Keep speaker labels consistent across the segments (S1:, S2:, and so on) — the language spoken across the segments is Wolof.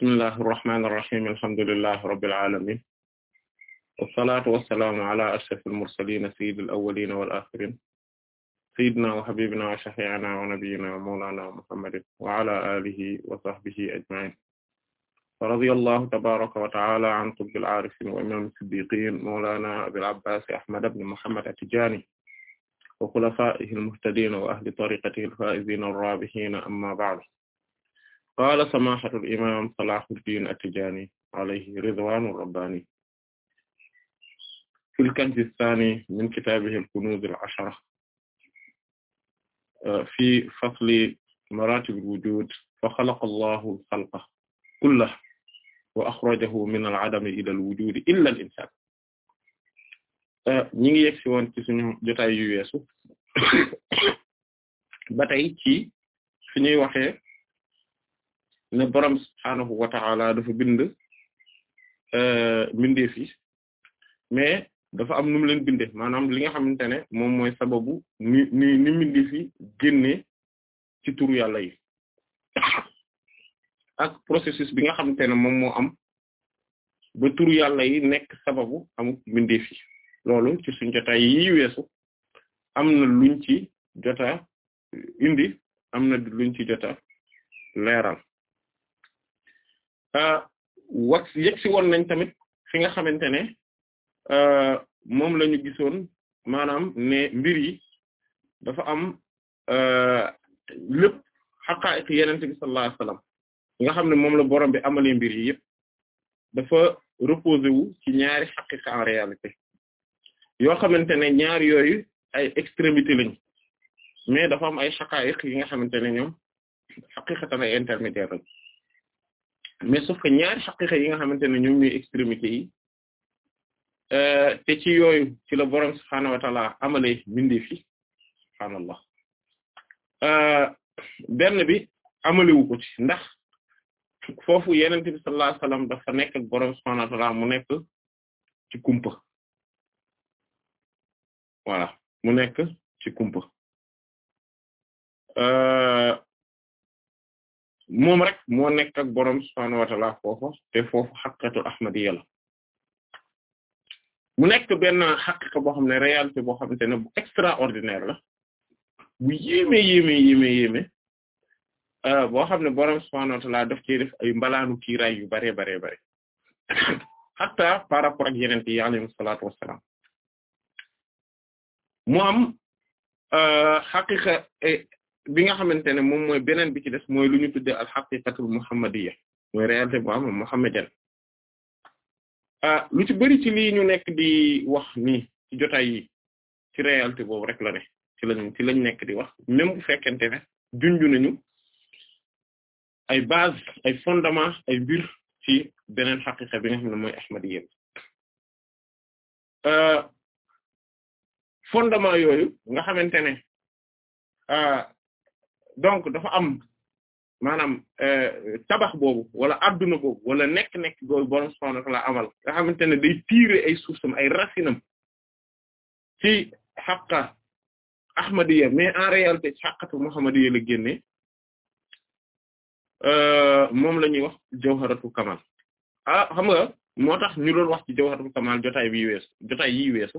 S1: bismillahi irrahmani irrahim alhamdulillahi rabbil alamin wassalatu wassalaamu ala ashrafil mursalin sayyidil awwalin wal akhirin sayyidina wa habibina wa shafi'ina wa nabiyyina wa mawlana muhammadin wa ala alihi wa sahbihi ajma'in wa radiyallahu tabaraka wa ta'ala an qutbil arifin wa imam siddiqin mawlana abil abbas ahmad ibn muhammad at-tijani wa khulafaihi al-muhtadin wa ahli tariqatihi al-faizin ar-rabihin amma ba'du qaala samahatul imam Salahuddin At-Tidjânî alayhi ridwanu rabbani fil kanzi saani min kitaabihi al-kunuuz al-ashara fi fasli maratib al-wujuud fa xalaqa Allahu al-xalqa kullahu wa axrajahu min al-adami ila al-wujuudi illa al-insaan ñi ngi yegg si woon ci suñu jotaay yu weesu ba tey ci fi ñuy waxee ne borom subhaanahu wa ta'ala dafa bind euh, mbindeef yi mais dafa am nu leen binde maanaam li nga xamante ne moom mooy sababu ni ni ni mbindeef ci turu yàlla yi ak processus bi nga xamante ne moom moo am ba turu yàlla yi nekk sababu am mbindeef yi loolu ci suñ jotaay yi weesu am na luñ ci jota indi am na luñ ci jota leeral Euh, a yegg si woon nañ tamit fi nga xamante ne euh, moom la ñu gisoon maanaam ne mbir yi dafa am euh, lépp xaqaa'iq yenente bi sallallahu alayhi wasallam nga xam ne moom la borom bi amalee mbir yi yëpp dafa reposé wu ci ñaari xaqiqa en réalité yoo xamante ne ñaar yooyu ay extrémité lañ mais dafa am ay xaqaa'iq yi nga xamante ne ñoom xaqiqatan ay intermédiaire lañ mais sauf que ñaari xaqiqa yi nga xamante ne ñoom ñooy extrémité yi euh, te ci yooyu ci la borom subhaanahu wa taala amale bindee fi subhaanallah euh, benn bi amalewu ko ci ndax foofu yeneen bi sallallahu alayhi wasallam dafa nekk ak borom subhaanahu wa mu nekk ci kumpa voilà mu nekk ci kumpa. Euh, moom rek moo nekk ak borom subhaanahu wa ta'ala foofu te foofu xaqiqatul ahmadiyya mu nekk benn xaqiqa boo xam ne réalité boo xamante ne bu extraordinaire la bu yéeme yéeme yéeme yéeme euh, xam ne borom subhaanahu wa ta'ala daf cee def ay mbalaanu kiiraay yu bare bare bare hatta par rapport ak yeneen yi alayhi salaatu wassalaam mu am euh, xaqiqa bi nga xamante ne moom mooy beneen bi ci des mooy lu ñu tuddee alxaqiqatul muhammadiyya mooy réalité bu am muhammadiyya ah, lu ci bëri ci lii ñu nekk di wax nii ci jotaay yi ci réalité boobu di wax même bu fekkente ay base ay fondement mooy ahmadiyya ah, fondement yooyu nga xamante ne ah, donc dafa am maanaam euh, tabax boobu wala adduna boobu wala nekk-nekk googu borom subhaanahu wa ta'aala amal nga xamante ne day tirer ay suufsam ay racinam ci xaqa ahmadiyya mais en réalité ci xaqatu muhammadiyya la génne euh, moom la ñuy wax jawharatu kamal ah xam nga moo tax ñu doon wax ci jawharatu kamal jotaay bi weesu jotaay yi weesu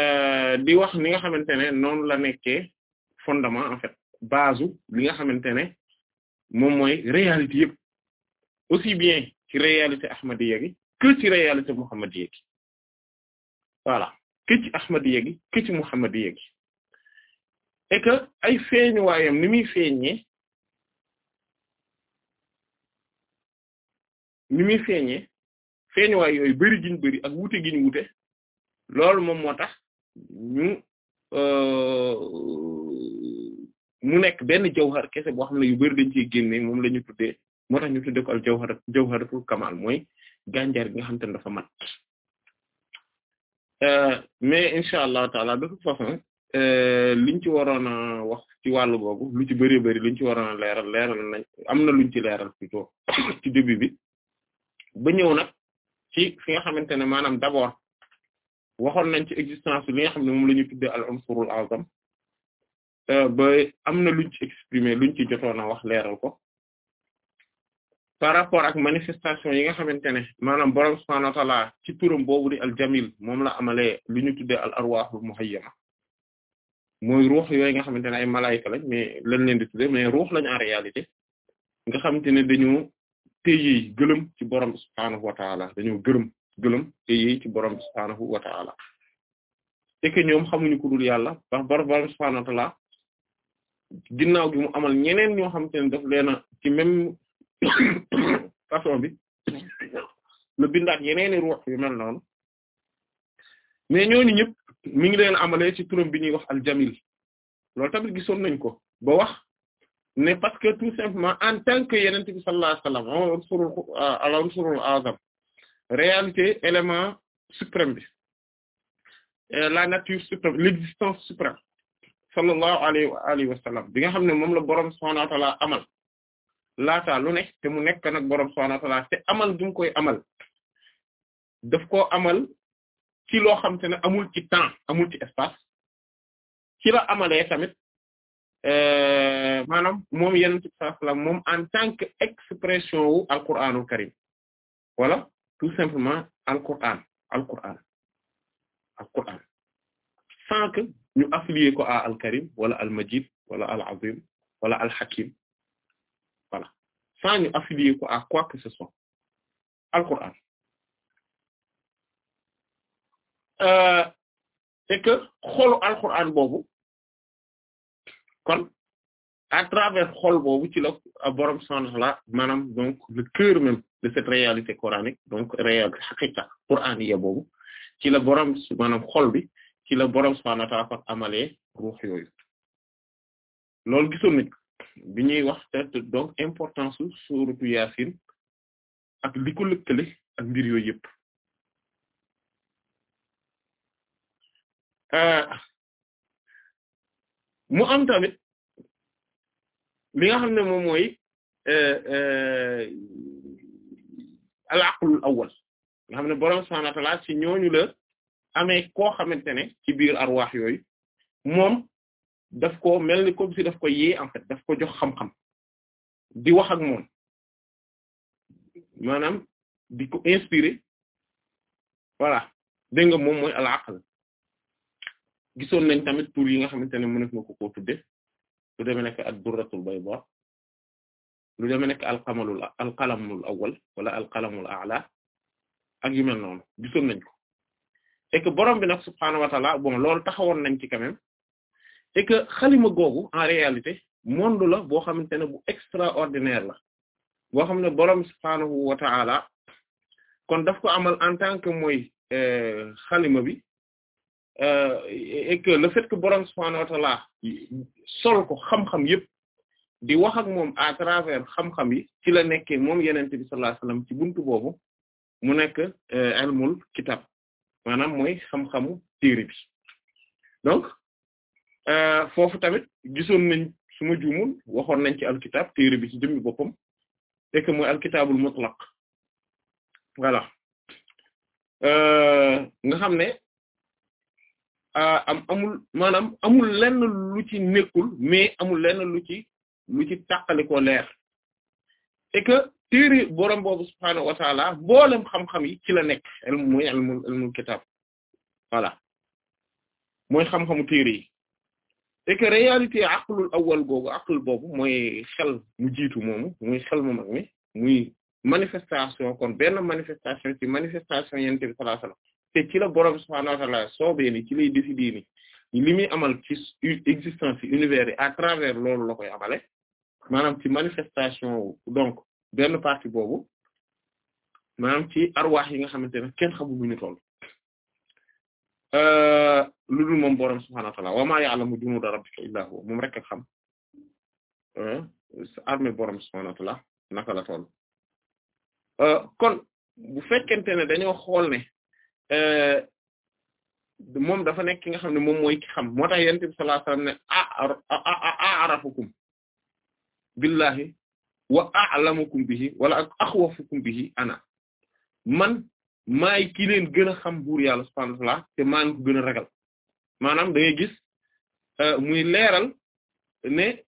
S1: euh, di wax ni nga xamante ne noonu la nekkee fondement en fait base li nga xamante ne moom mooy réalité yëpp aussi bien ci réalité ahmadiyya gi que ci réalité muhammadiyya gi voilà que ci ahmadiyya gi que ci muhammadiyya ay feeñuwaayam ni muy feeñee ni muy feeñee feeñuwaay yooyu bari giñ bari ak wute giñ wute loolu moom moo tax euh mu nekk benn jawhar kese boo xam ne yu bari dañ ciy génne moom la ñu tuddee moo tax ñu tuddee ko al jawhar jawharatul kamal mooy gànjar gi nga xam te ne dafa mat euh, mais incha allah taala de toute façon euh, liñ ci waroon a wax ci wàllu boobu lu ci bari bari liñ ci waroon a leeral leeral nañ am na luñ ci leeral plutôt ci début bi ba ñëw na ci fi nga xamante ne maanaam d'abord waxoon nañ ci existence li nga xam ne moom la ñu tuddee al unsurul azam Euh, ba am na luñ ci exprimer luñ ci jotoon a wax leeral ko par rapport ak manifestation yi nga xamante ne maanaam borom subhaanahu wa ci turam boobu di al jamil moom la amalee lu ñu tuddee al arwaahul muhayyama mooy ruux yooyu nga xamante ne ay malaayika lañ mais lañ leen di tuddee mais ruux lañ en réalité nga xamante ne dañoo téye gëlëm ci borom subhaanahu wa dañu dañoo gërëm gëlëm téye ci borom subhaanahu wa ta'aala ñoom xamuñu ku dul yàlla ba borom subhaanahu wa ginnaaw gi mu amal ñeneen ñoo xamante ne daf leena ci façon bi la bindaat yeneeni ruux yu mel noonu mais ñooñu ñëpp mi ngi leen amalee ci turam bi ñuy wax aljamil loolu tamit gisoon nañ ko bo wax ne parce que tout simplement en tant que yenent bi sallallahu alayhi wasallam euh, réalité élément suprême bi euh, la nature suprême l'existence suprême sallallahu alayhi wa alihi bi nga xam ne moom la borom subhanahu wa ta'ala amal laataa lu ne te mu nekk nag borom subhanahu wa te amal du koy amal daf koo amal ci loo xam te ne amul ci temps amul ci espace ci la amalee tamit euh, maanaam moom yenn ci sallam moom en tant que expression wu alquranul karim voilà tout simplement alquran alquran alquran sans ñu affilié ko à al wala al-Majid wala al-Azim wala al-Hakim voilà sans ñu affilié ko à quoi que ce soit al-Qur'an euh et que xolu al-Qur'an boobu kon à travers xol boobu ci la borom subhanahu wa ta'ala maanaam donc le cœur même de cette réalité coranique donc réalité haqiqa qur'aniyya boobu ci la borom maanaam xol bi ci la borom subhaanahu wa ta'aala ruux yooyu loolu gisoon nañ bi ñuy wax te donc importance su suuratu Yaasin ak li ko lëkkale ak mbir yooyu yëpp ah, mu am tamit li nga xam ne moom mooy eh, eh, a aqlul awwal nga xam ne borom subhaanahu wa ta'aala ci ñooñu ame koo xamante ne ci biir arwaax yooyu moom daf ko mel ni comme si daf ko yee en fait daf ko jox xam-xam di wax ak moom maanaam di ko inspiré voilà dégg nga moom mooy al aql gisoon nañ tamit tur yi nga xamante ne mënees na ko koo tudde lu deme nekk ad durratul bayda lu deme nekk al qalamul al wala al qalamul a'la ak yu mel noonu gisoon nañ ko et boroom bi nag subhaanahu wa taala bon loolu taxawoon nañ ci quand même xalima googu en réalité monde la boo xamante ne bu extraordinaire la boo xam ne borom subhaanahu wa taala kon daf ko amal en tant que mooy euh, xalima bi euh, et que le fait que borom subhaanahu wa taala sol xam-xam yépp di wax ak moom à travers xam-xam yi ci la nekkee moom yenente bi sallallahu alayhi ci buntu boobu mu nekk euh, ilmul kitab maanaam mooy xam-xamu téere bi donc euh, foofu tamit gisoon nañ su ma juumul waxoon nañ ci alkitab téere bi ci jëmmi boppam et que mooy alkitabul mutlaq voilà euh, nga xam ne euh, am amul maanaam amul lenn lu ci mais amul lenn lu ci lu ci ko leer et téere borom boobu subhaanahu wa taala mboolem xam-xam yi ci la nekk ilmu mooy ilmu ilmu kitaab voilà mooy xam-xamu téere yi et que réalité aqlul awwal googu aql boobu mooy xel mu jiitu moomu muy xel mu mag mi muy manifestation kon benn manifestation ci manifestation yonent bi sallallahu te ci la borom subhaanahu wa taala ci lay décider ni li muy amal ci existence yi à travers loolu la koy amale maanaam ci manifestation donc benn partie boobu maanaam ci arwaax yi nga xamante ne kenn xamul bu euh, lu dul moom boroom subhaanahu wa ta'aala wa maa ya'lamu junuuda rabbika illaa huwa moom rek a xam euh, armée boroom subhaanahu wa ta'aala naka euh, kon bu fekkente ne dañoo xool ne moom dafa nekk ki nga xam ne moom mooy ki xam moo tax yonent a a'rafukum billahi wa a'lamukum bihi wala ak akhwafukum bihi ana man maay ki leen gën a xam buur yàlla subhanahu wa te maa ko gën a ragal maanaam da ngay gis euh, muy leeral ne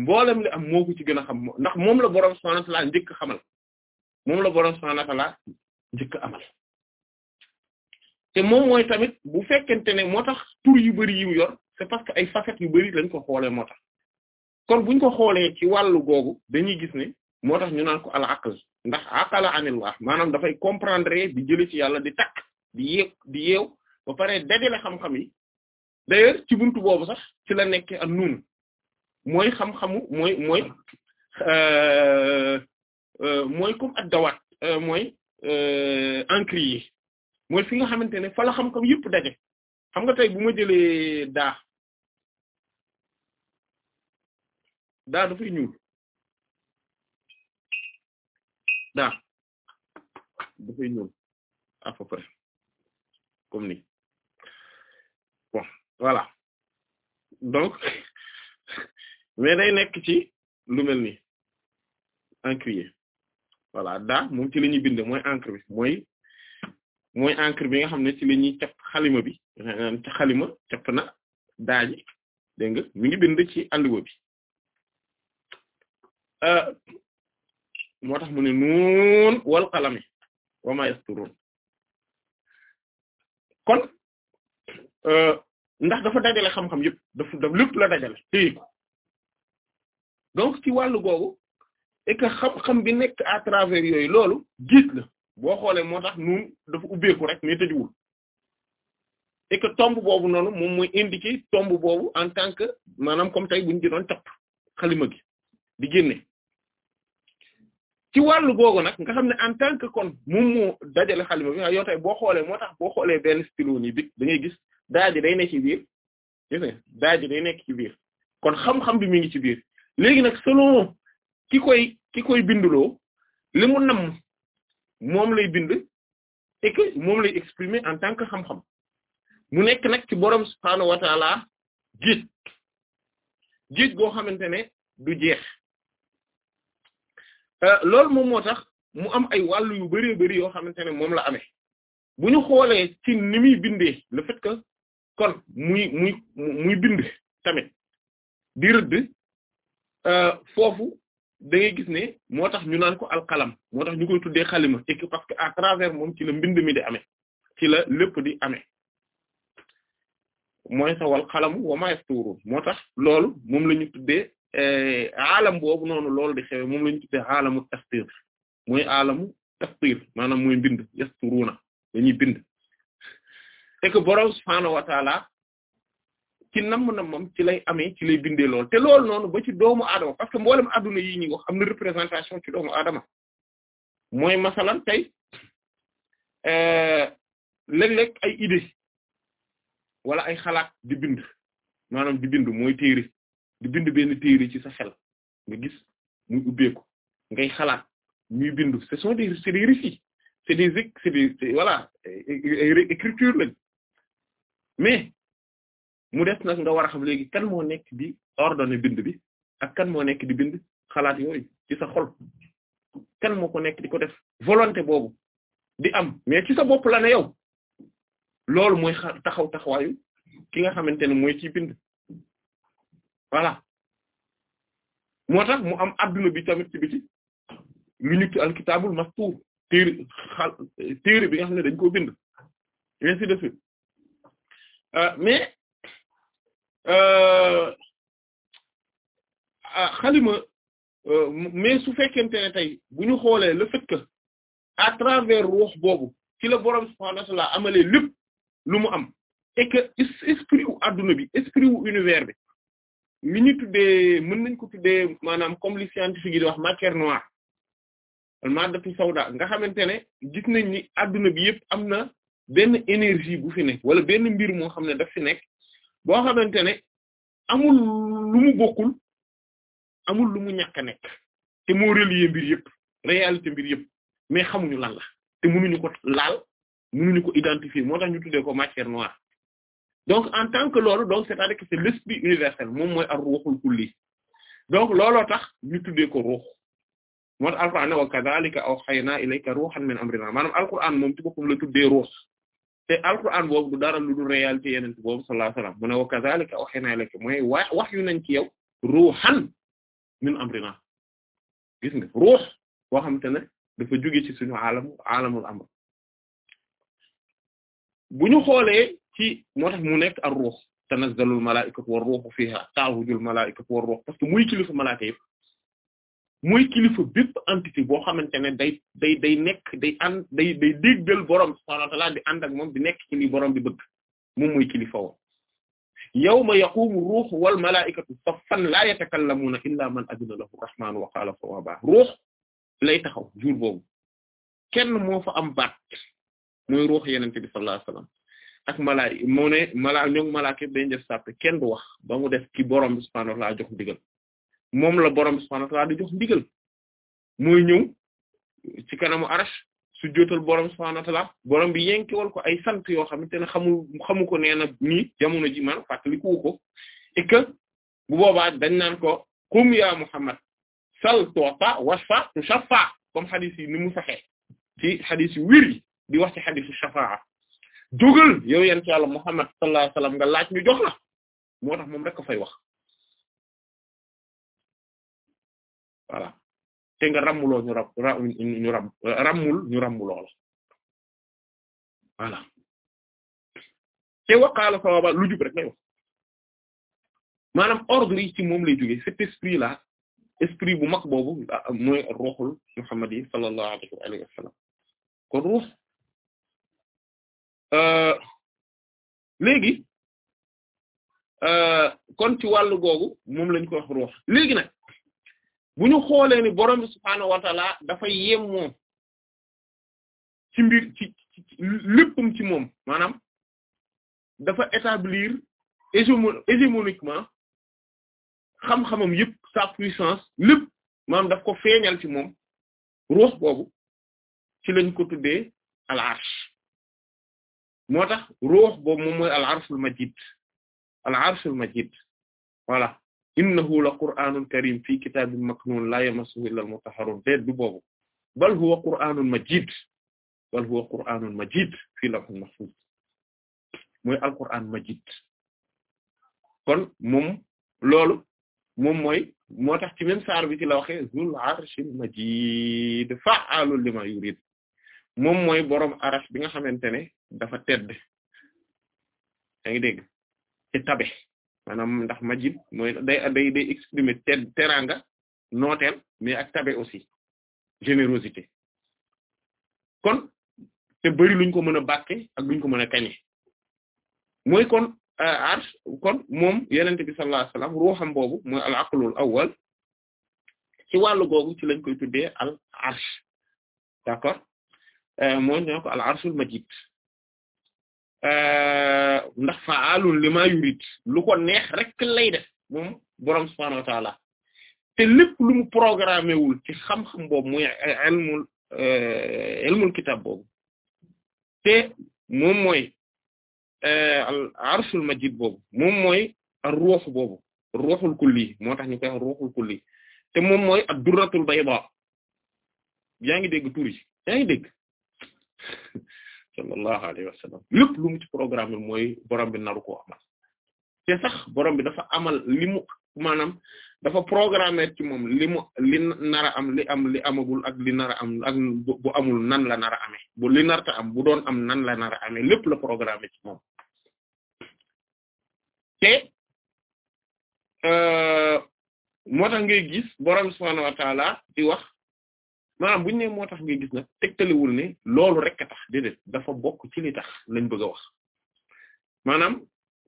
S1: mboolem li am moo ci gën a xam ndax moom la boroom subhanahu wa ta'ala njëkk moom la boroom subhanahu amal te moom mooy tamit bu fekkente ne moo tax tur yu bari yi mu yor c'est parce que ay facettes yu bari lañ ko xoolee moo tax kon buñ ko xoolee ci wàllu googu dañuy gis ne moo tax ñu naan ko al aql ndax aqala anil waa maanaam dafay comprendre di jële ci yàlla di takk di yeew di yeew ba pare dajale xam-xam yi d'ailleurs ci buntu boobu sax ci la nekk ak nun mooy xam-xamu mooy mooy euh, euh, mooy comme ak dawaat euh, mooy encre yi mooy fi nga xamante ne fa la xam-xam yëpp daje xam nga tey bu ma jëlee daa daa dafay ñuul daa dafay ñuul à peu près comme ni bon voilà donc mais day nekk ci lu mel ni encrier voilà daa moom ci la ñuy bind mooy encre bi mooy encre bi nga xam ne ci la ñuy xalima bi xalima capp daa ji dégg mi ngi bind ci alluwa bi Euh, moo tax mu ne nuun wal qalami wa ma yasturun kon euh, ndax dafa dajale xam-xam yëpp daf lépp la dajale téye donc ci wàllu googu et que xam-xam bi nekk à travers yooyu loolu giit la boo xoolee moo tax nuun dafa ubbeeku rek mais tëjuwul et que tomb boobu noonu moom mooy indiquer tomb boobu en tant que maanaam comme tey buñu ci doon xalima gi di génne ci wàllu googu nag nga xam ne en tant que kon moom moo dajale xalima bi nga yow tey boo xoolee moo tax boo xoolee benn stylo nii bi da ngay gis daa ji day nekk ci biir gis nga ji day nekk ci biir kon xam-xam bi mi ngi ci biir léegi nag selon ki koy ki koy binduloo li mu nam moom lay bind et que moom lay exprimer en tant que xam-xam mu nekk nag ci borom subhaanahu wa ta'ala géej géej goo xamante ne du jeex Euh, loolu moom moo tax mu am ay wàll yu bëree bëri yoo xamante ne moom la amee bu ñu xoolee ci ni muy bindee le fait kon muy muy muy bind tamit di rëdd euh, foofu da ngay gis ne moo tax ñu naan ko alxalam moo tax ñu koy tuddee xalima et parce que à travers moom ci la mbind mi di amee ci la lépp di ame mooy sawal xalamu wa ma yasturun moo tax loolu moom la ñu tuddee Eh, alam boobu noonu loolu di xewe moom la ñu tuddee alamu tastir mooy alamu tastir maanaam mooy bind yasturuna dañuy bind et que borom subhaanahu wa taala ci namm na moom ci lay amee ci lay bindee lool te loolu noonu ba ci doomu aadama parce que mboolem adduna yi ñuy wax am na représentation ci doomu aadama mooy masalan tey eh, léeg-léeg ay idée wala ay xalaat di bind maanaam di bind mooy téere di bind benn téere ci sa xel nga gis muy ubbeeku ngay xalaat ñuy bind ce sont des c'est des récits c'est des écriture lañ mais mu des nag nga war a xam léegi kan moo nekk bi ordonné bind bi ak kan moo nekk di bind xalaat yooyu ci sa kan moo ko nekk di ko def volonté boobu di am mais ci sa bopp la ne yow loolu mooy taxaw taxawaayu ki nga xamante ne mooy ciy bind voilà moo tax mu am adduna bi tamit ci biti lu ñu ci alkitaabul bi nga xam koo bind ainsi euh, euh, ah, xalima euh, mais su fekkente ne tey bu ñu xoolee le fait que à travers ruux boobu ci la boroom subhaanahu wa ta'aala lu mu am et que esprit adduna bi esprit wu univers bi li ñu tuddee mën nañ ko tuddee maanaam comme li scientifique yi wax matière noire al maddatu sawda nga xamante ne gis nañ ni adduna bi yëpp am na benn énergie bu fi nekk wala benn mbir moo xam ne daf fi nekk boo xamante ne amul lu mu amul lumu mu ñàkk a nekk te moo relier mbir yëpp réalité mbir yëpp mais xamuñu lan la te mënuñu ko laal mënuñu ko identifier moo tax ñu tuddee ko matière noire donc en tant que loolu donc c'est-à-dire que c'est universel moom mooy ar ruuxul kulli donc looloo tax ñu tuddee ko ruux moo tax alquran ne wa kadhalika awhaynaa ilayka ruuhan min amrinaa maanaam alquran moom ci boppam la tuddee ruux te alquran boobu du dara lu dul réalité yeneen boobu sallallahu alayhi wasallam mu ne wa kadhalika awhaynaa ilayka mooy wax wax yu nañ ci yow ruuhan min amrinaa ruux boo xamante ne dafa jóge ci suñu aalamu aalamul amr bu ci moo tax mu nekk ar ruux tanazzalul malaa'ikatu war ruuxu fiha ruux parce que muy kilifa malaaka yëpp muy kilifa bépp entité boo xamante ne day day day nekk day ànd day day déggal borom subhaanahu moom di nekk ci boroom bi bëgg moom muy kilifa woon yawma yaqumu ruuxu wal malaa'ikatu saffan laa yatakallamuuna illaa man adina lahu rahmaanu wa qaala sawaaba ruux lay taxaw jour boobu kenn moo fa am baat mooy ruux yenente bi sallallahu alayhi wasallam ak malaay mu ne malaa mala malaaka yëpp dañ def sàppe kenn du wax ba mu def ki borom bi subhaanahu wa ta'aala jox ndigal moom la borom bi subhaanahu wa di jox ndigal mooy ñëw ci kanamu arash su jootal borom subhaanahu wa ta'aala borom bi yenkewal ko ay sant yoo xamante ne xamul xamu ko nee na nii jamono ji man ko et que bu boobaa dañ naan ko qum ya Muhammad sal tu'ta washfa tushaffa comme xadis yi ni mu saxee ci xadis yu wér yi di wax ci xadisu shafaa jógal yow yent yàlla Muhammad sallallahu alayhi wasallam nga laaj ñu jox la moo tax moom rek ko fay wax voilà te nga ràmmuloo ñu rab ñu rab ràmmul ñu la sawaba lu rek lay wax maanaam ordre ci moom lay jóge cet esprit là esprit bu mag boobu ah, mooy ruuxul Muhammad yi sallallahu ruux Euh, léegi euh, kon ci wàllu googu moom lañ ko ruux léegi nag bu ñu xoolee ni borom bi subhaanahu wa taala dafa yem ci mbir ci ci moom maanaam dafa établir hégémoniquement xam-xamam yëpp sa puissance lépp maanaam daf ko feeñal ci moom ruux boobu ci lañ ko tuddee al moo tax ruux boobu moom mooy al arshul majid al arshul majid voilà innahu la qur'anun karim fi kitabin maknun la yamassuhu illa al mutahharun déet du boobu bal huwa qur'anun majid bal huwa qur'anun majid fi lawhin al qur'an majid kon moom loolu moom mooy moo tax ci même saar bi ci la waxe zul arshil majid lima yurid moom mooy boroom arash bi nga xamante ne dafa tedd yaa ngi dégg ci tabe maanaam ndax majid mooy day day day exprimer tedd teraanga nooteel mais ak tabe aussi générosité kon te bëri luñ ko mën a bàkke ak luñ ko mën a kañe mooy kon euh, arsh kon moom yenente bi sallallahu alayhi wasallam ruuxam boobu mooy al ci wàllu googu ci lañ koy tuddee al arsh d'accord euh, mooy ñoo ko al arshul majid Euh, ndax fa'aalun limaa yurid lu neex rek lay def moom boroom subhaanahu wa ta'aala te lépp lu mu programmé xam-xam boobu muy ilmul euh, ilmul kitaab boobu te moom mooy euh, al arshul majid boobu moom mooy ruux boobu ruuxul kulli moo tax koy wax ruuxul kulli te moom mooy ad-durratul bayda yaa ngi dégg tur yi ngi dégg sallallahu alayhi wa sallam lépp lu mu ci programme bi mooy borom bi naru koo amal te sax borom bi dafa amal li mu maanaam dafa programmer ci moom limu li nara am li am li amagul ak li nara am ak amul nan la nara amee bu li narta am bu doon am nan la nara amee lépp la programmer ci moom te euh, moo tax ngay gis borom subhaanahu wa maanaam bu ne moo tax ngay gis nag tegtaliwul ne loolu rek a tax déedéet dafa bokk ci li tax lañ bëgg a wax maanaam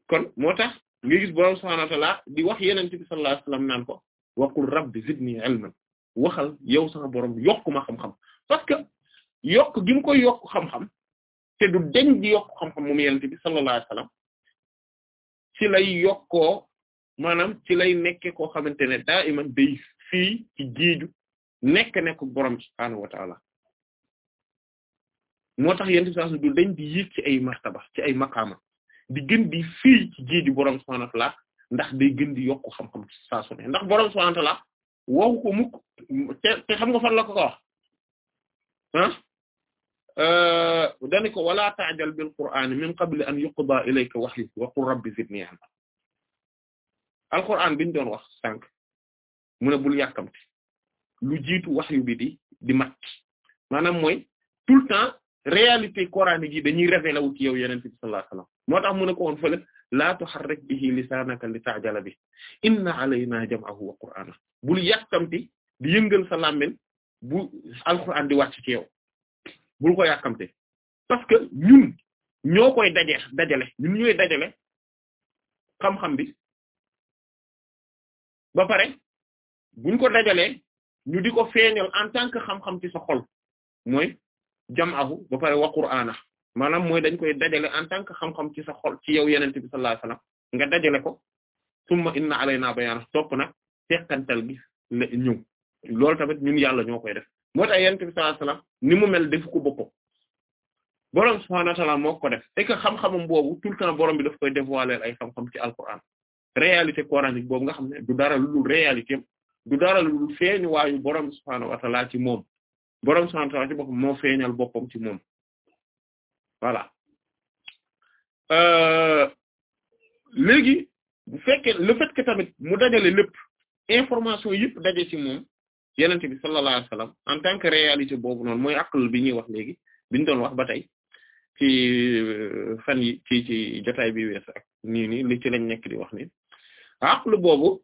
S1: kon moo tax nga gis borom subhaanahu di wax yonent bi sallallahu alayhi wa sallam naan ko waqul rabbi zidni ilman waxal yow sama borom yokk ma xam-xam parce que yokk gim mu koy yokk xam-xam te du deñ di yokk xam-xam moom yonent bi sallallahu alayhi ci lay yokkoo maanaam ci lay nekke koo xamante ne daa iman day fii ci géeju nekk nekk borom subhaanahu wa ta'ala moo tax yenn saa du dañ di yéeg ci ay martaba ci ay maqaama di gën di fii ci géeju borom subhaanahu wa ndax day gën di yokk xam-xam saa ndax borom subhaanahu wa ta'ala waxu ko mukk te xam nga fan la ko ko ah. dani ko wala ta'jal bil qur'an min qabli an yuqda ilayka wahyi wa qul rabbi zidni ilma alquran biñ doon wax sànq mu bul yàkkamti lu jiitu wahyu bi di di mat maanaam mooy tout le temps réalité coranique yi dañuy révélé wu ci yow yeneen bi sallallahu alayhi wasallam moo tax mu ne ko woon fële laa tuharrik bihi lisaanaka li ta'jala bi inna alaynaa jam'ahu wa qur'aana bul yàkkamti di yëngal sa làmmiñ bu alxuraan di wàcc ci bul ko yàkkamte parce que ñun ñoo koy daje dajale ñun ñooy dajale xam-xam bi ba pare buñ ko dajalee ñu di ko feeñal en tant que xam-xam ci sa xol mooy jam'ahu ba pare wa qur'ana maanaam mooy dañ koy dajale en tant que xam-xam ci sa xol ci yow yenente bi sallallahu alayhi wasallam nga dajale ko summa inna alayna bayana topp nag tekkantal gi la ñëw loolu tamit ñun yàlla ñoo koy def moo tax yenente bi sallallahu alayhi wasallam ni mu mel def ko boppam boroom subhaanahu wa ta'ala moo ko def et xam-xamam boobu tout le temps borom bi daf koy dévoiler ay xam-xam ci alquran réalité coranique boobu nga xam ne du dara lu dul réalité du dara lu dul feeñ waayu borom subhaanahu wa ta'ala ci moom borom subhaanahu wa ci boppam moo feeñal boppam ci moom voilà euh, léegi bu fekkee le tamit mu dajale lépp information yëpp daje ci moom yenente bi sallallahu alayhi en tant réalité boobu noonu mooy aql bi ñuy wax léegi biñ doon wax ba tey ci euh, fan yi ci ci jotaay bi wees ak li ci lañ nekk di wax ni aql boobu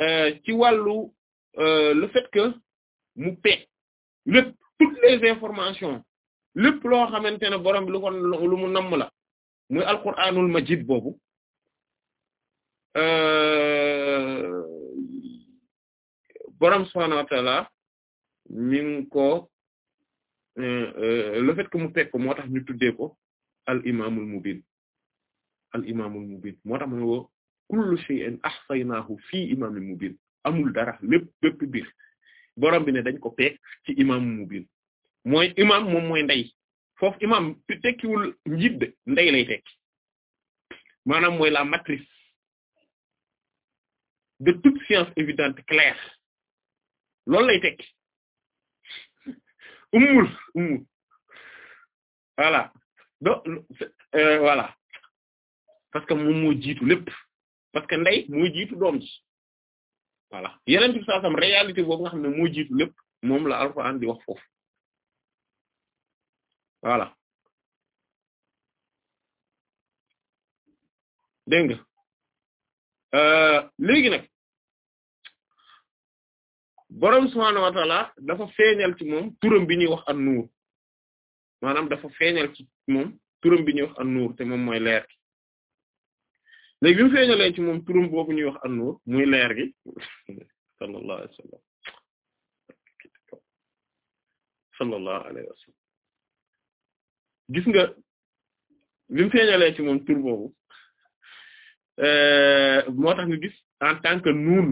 S1: Euh, ci wàllu euh, le fait que mu peeg lépp toutes les informations lépp loo xamante ne borom bi lu ko lu mu namm la muy alquranul majid boobu euh, borom subhaanahu wa ta'ala mi ngi le fait que mu teg ko moo tax ñu ko al imaamul mubin al imaamul mubin moo tax mu kullu shay'in ahsaynaahu fii imaamin mubin amul dara lépp bépp biir borom bi ne dañ ko peeg ci imaamu mubin mooy imaam moom mooy ndey foofu imaam tekkiwul njiit de ndey lay tekki maanaam mooy la matrice de toute science évidente claire loolu lay tekki umul umul voilà donc euh, voilà parce que moom moo jiitu lépp parce que ndey mooy jiitu doom ji voilà yeneen ci saa réalité boobu nga xam ne mooy jiitu lépp moom la alxuraan di wax foofu voilà dégg nga euh, léegi nag boroom subhaanahu wa ta'ala dafa feeñal ci moom turam bi ñuy wax an-nuur maanaam dafa feeñal ci moom turam bi ñuy wax an-nuur te moom mooy leer léegi bi mu feeñalee ci moom turam boobu ñuy wax an-nuur muy leer gi sallallahu alayhi wa sallam nga bi mu feeñalee ci moom tur boobu eh, moo tax nga gis en tant que nuun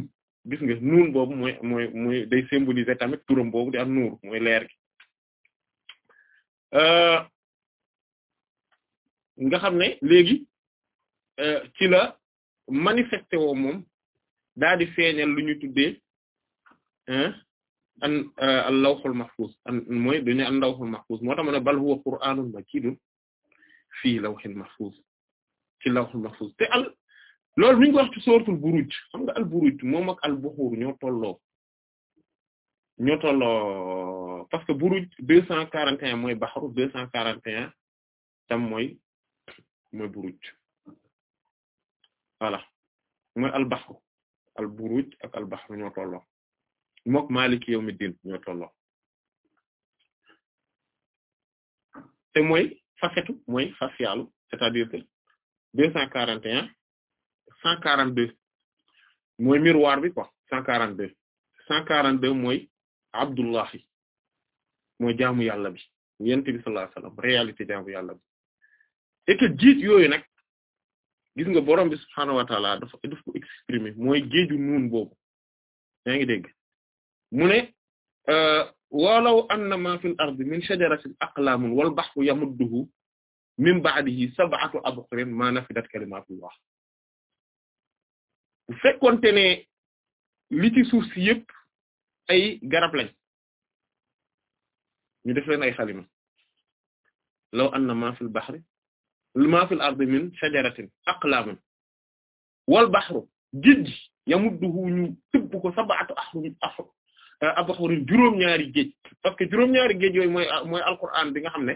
S1: gis nga nuun boobu mooy mooy mooy day tamit turam boobu di am nuur muy leer gi eh, nga xam ne léegi Euh, ci la manifesté woo moom daal di feeñal lu ñu tuddee an euh, al lawhul mahfuz an mooy dañu an lawhul mahfuz moo tax ma ne bal huwa qur'anun makidun fii lawhil mahfuz ci lawhul mahfuz te al loolu mi ngi wax ci sóortul buruj xam nga al buruj moom al buxuur ñoo tolloo parce que buruj deux cent quarante et un mooy baxaru deux cent quarante et tam mooy mooy buruj voilà mooy albaxru alburuj ak albaxru ñoo tolloo mook maaliki yawmiddin ñoo tolloo te mooy facetu mooy facialu c'est-à-dire deux cent quarante et un cent quarante deux mooy miroir bi quoi cent quarante deux cent quarante deux mooy abdullahi mooy jaamu yàlla bi yent bi sallallahu alayhi réalité jaamu yàlla bi et jiit yooyu nag gis nga borom bi subhaanahu wa taala dafa daf ko mooy géeju nuun boobu yaa ngi dégg mu ne euh, walaw anna ma fil ardi min shajaratin aqlamun wal bahru yamudduhu min ba'dihi sab'atu abhurin ma nafidat kalimatullah bu fekkonte ne li ci suuf si yëpp ay garab lañ ñu def leen xalima law anna ma fil bahri ma fil ardi min shajaratin aqlamun wal baxru géej yamudduhu ñu tibb ko sab'atu ahrumin ahru ah, abxurin juróom-ñaari géej parce que juróom-ñaari géej yooyu mooy mooy alquran bi nga xam ne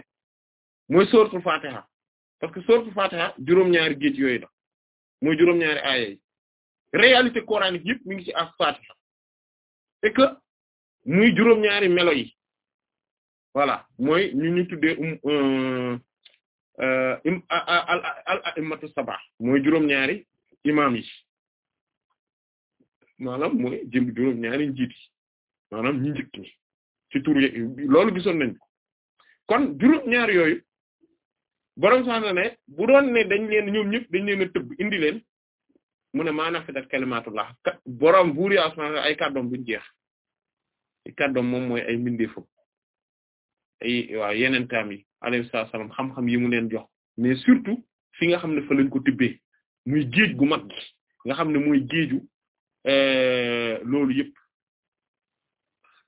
S1: mooy sourate Fatiha parce que sourate Fatiha juróom-ñaari géej yooyu la mooy juróom-ñaari aaya yi réalité coranique yëpp mi ngi ci as Fatiha et que muy juróom-ñaari melo yi voilà mooy ñu ñu um euh, Euh, im al al a'immatu sab'a mooy juróom-ñaari imaam yi mooy jëm juróom-ñaari njiit yi ñi njëkk ci tur loolu gisoon nañ ko kon juróom-ñaar yooyu borom sax ne bu doon ne dañ leen ñoom ñëpp dañ leen a tëbb indi leen mu ne maanaam fi daf kalimatullah borom buur yaa ay kàddoom bu jeex ay kàddoom moom mooy ay mbindeefam ay waaw yeneen taam yi. alayhi salaam xam-xam yi mu leen jox mais surtout fi nga xam ne fa lañ ko tibbee muy géej gu mag nga xam ne mooy géeju euh, loolu yëpp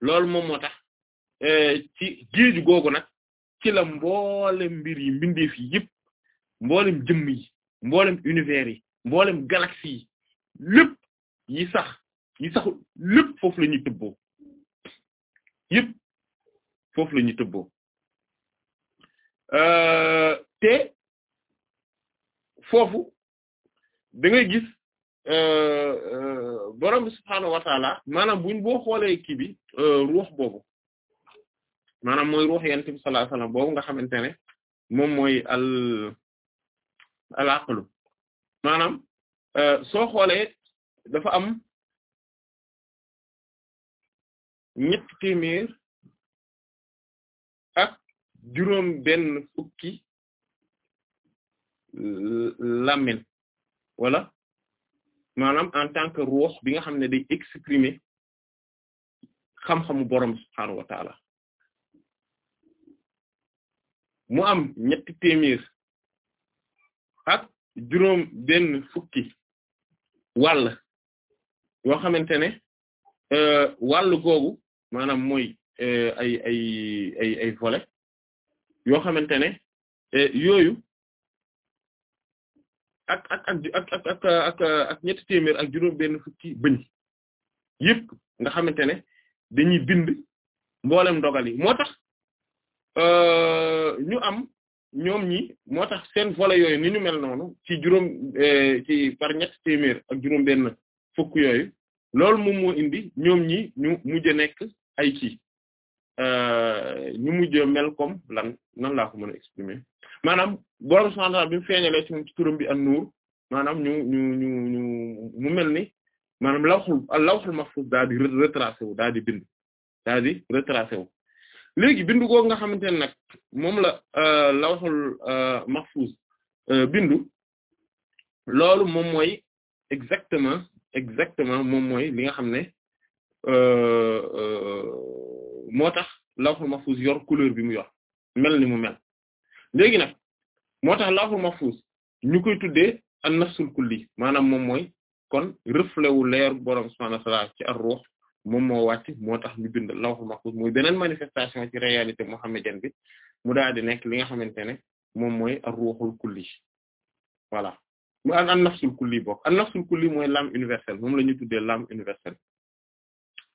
S1: loolu moom moo tax euh, ci géeju googu nag ci la mboolem mbir yi mbindeef yi yëpp mboolem jëmm yi mboolem univers yi mboolem galaxie yi lépp yi sax yi saxul lépp foofu la ñuy tëbboo yëpp foofu la ñuy tëbboo Euh, te foofu da ngay gis euh, euh, borom bi subhaanahu wa taala maanaam buñ boo xoolee kii bi ruux boobu maanaam mooy ruux boobu nga xamante ne moom mooy al al aqlu maanaam soo xoolee dafa am ñetti téeméer juróom benn fukki euh, làmmiñ wala maanaam en tant que ruux bi nga xam ne day exprimer xam-xamu boroom subhaanahu wa mu am ñetti téeméer ak juróom benn fukki wàll yoo xamante ne euh, wàll googu maanaam mooy euh, ay ay ay ay volet yoo xamante ne e, yooyu ak ak ak ak ak ak ak ñetti téeméer ak juróom benn fukki bëñ yëpp nga xamante ne dañuy bind mboolem ndogal moo tax e, ñu am ñoom ñi moo tax seen volet yooyu ni ñu mel noonu ci juróom e, ci par ñetti téeméer ak juróom benn fukk yooyu loolu moom indi ñoom ñi ñu mujj nekk ay kii Euh, ñu mujj mel comme lan nan laa ko mën a exprimer maanaam borom subhaanahu wa ta'aala bi mu feeñalee ci ci turam bi an-nuur maanaam ñu ñu ñu mu mel ni maanaam lawhul lawhul mahfuz daal di wu daal di bind daal di wu léegi bindu ko nga xam ne nag moom la euh, lawhul euh, mahfuz bindu loolu moom mooy exactement exactement moom mooy li nga xam ne. moo tax lawhul mahfuz yor couleur bi mu yor mel ni mu mel léegi nag moo tax lawhul mahfuz ñu koy tuddee a nafsul kulli maanaam moom mooy kon reflet wu leer borom subhaanahu wa ta'aala ci a ruh moom moo wàcc moo tax ñu bind lawhul mahfuz muy beneen manifestation ci réalité mohammedienne bi mu daal di nekk li nga xamante ne moom mooy ar-ruhul kulli voilà mu an an nafsul kulli bokk an nafsul kulli mooy l'âme universelle moom la ñu tuddee l'âme universelle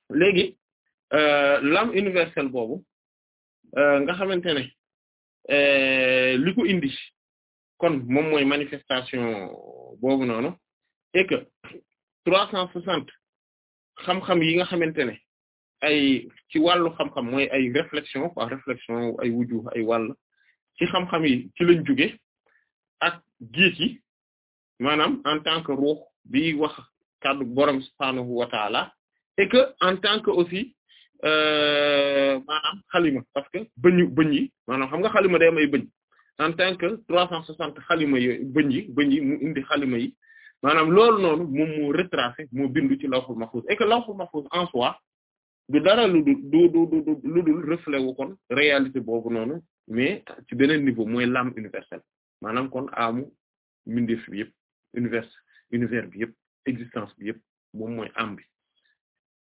S1: léegi Euh, l'âme universelle boobu euh, nga xamante ne euh, li ko indi kon moom mooy manifestation boobu noonu et trois cent soixante xam-xam yi nga xamante ne ay ci wàllu xam-xam mooy ay réflexion quoi réflexion ay wuju ay wàll ci xam-xam yi ci lañ jóge ak géej yi maanaam en tant que bi wax kàddu borom subhaanahu wa taala en tant aussi Euh, maanaam xalima parce que bëñu bëñ yi maanaam xam nga xalima day am ay bëñ en tant que trois cent soixante xalima yooyu bëñ yi bëñ indi xalima yi maanaam loolu noonu moom moo retracé moo bindu ci lawhul mahfuz et que lawhul mahfuz en soi du dara lu dul du du du reflet wu kon réalité boobu noonu mais ci beneen niveau mooy l'âme universelle maanaam kon aamu mbindeef bi yëpp univers univers bi yëpp existence bi yëpp moom mooy ambi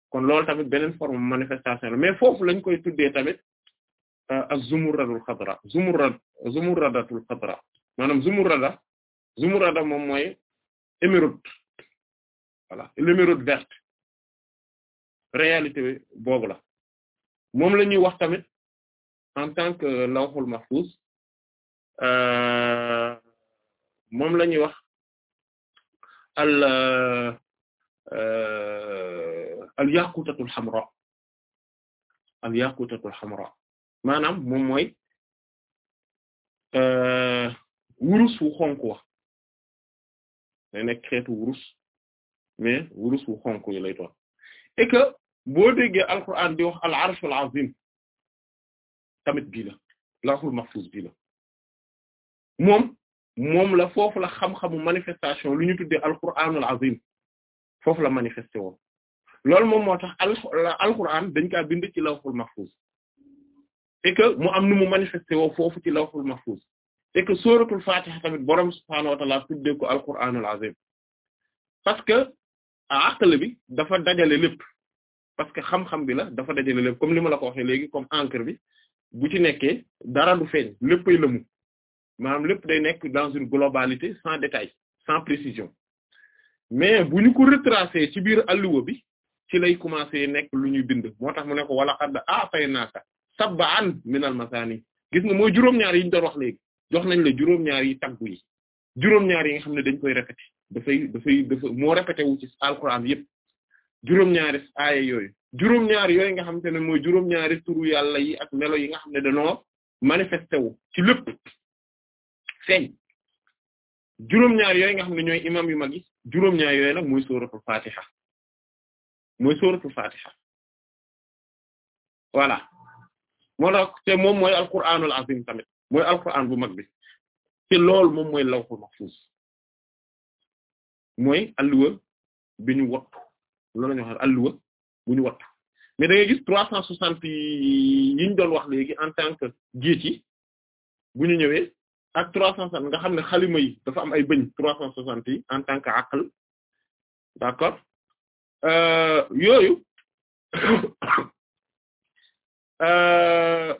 S1: kon loolu tamit beneen forme manifestation la mais foofu lañ koy tuddee tamit euh, ak zumurradul xadra zumurrad zumurradatul xadra maanaam zumurrada zumurrada moom mooy émeraude voilà verte réalité boobu la moom la ñuy wax tamit en tant que lawhul mahfuz euh, moom la ñuy wax euh, al yaqutatul hamra al yaqutatul hamra maanaam moom mooy euh, wurus wu xonk wa day nekk wurus mais wurus wu xonk yi lay doon et que déggee alquran di wax al arshul azim tamit bii la lawhul mahfuz bii la moom la foofu la xam-xamu manifestation lu ñu tuddee alquranul azim foofu la manifesté woon loolu moom moo tax alquran dañ kaa bind ci lawhul mahfuz et que mu am nu mu manifesté woo foofu ci lawhul mahfuz et que suratul fatiha tamit borom subhaanahu wa ta'ala tuddee ko alquranul azim parce que aql bi dafa dajale lépp parce que xam-xam bi dafa dajale lépp comme li ma la ko waxee léegi comme encre bi bu ci nekkee dara du feeñ léppay lëmu maanaam lépp day nekk dans une globalité sans détail sans précision mais bu ñu ko retracer ci biir alluwa bi ci lay commencé nekk lu ñuy bind moo tax mu ne ko wala xadd aataynaaka sab'an minal masaani gis nga mooy juróom-ñaar yi ñu doon jox nañ la juróom-ñaar yi juróom-ñaar yi nga xam ne dañ koy répété dafay dafay dafa moo juróom-ñaari yooyu juróom yooyu nga xamante ne mooy juróom-ñaari turu yàlla yi ak melo yi nga xam ne dañoo manifesté wu ci lépp feeñ juróom-ñaar yoy nga xam ne ñooy imam yu mag juróom-ñaar yooyu nag mooy sóoratul Fatiha mooy sóoratul Fatiha voilà moo tax te moom mooy alquranul azim tamit mooy alquran bu mag bi te loolu moom mooy lawhul mahfuz mooy alluwa bi ñu wattu loolu la ñuy wax alluwa bu ñu wattu mais gis trois cent soixante yi ñu doon wax léegi en tant que géej yi bu ñu ñëwee ak trois cent soixante nga xam ne xalima yi dafa am ay bëñ trois cent soixante yi en tant que aql d'accord Euh, yooyu euh,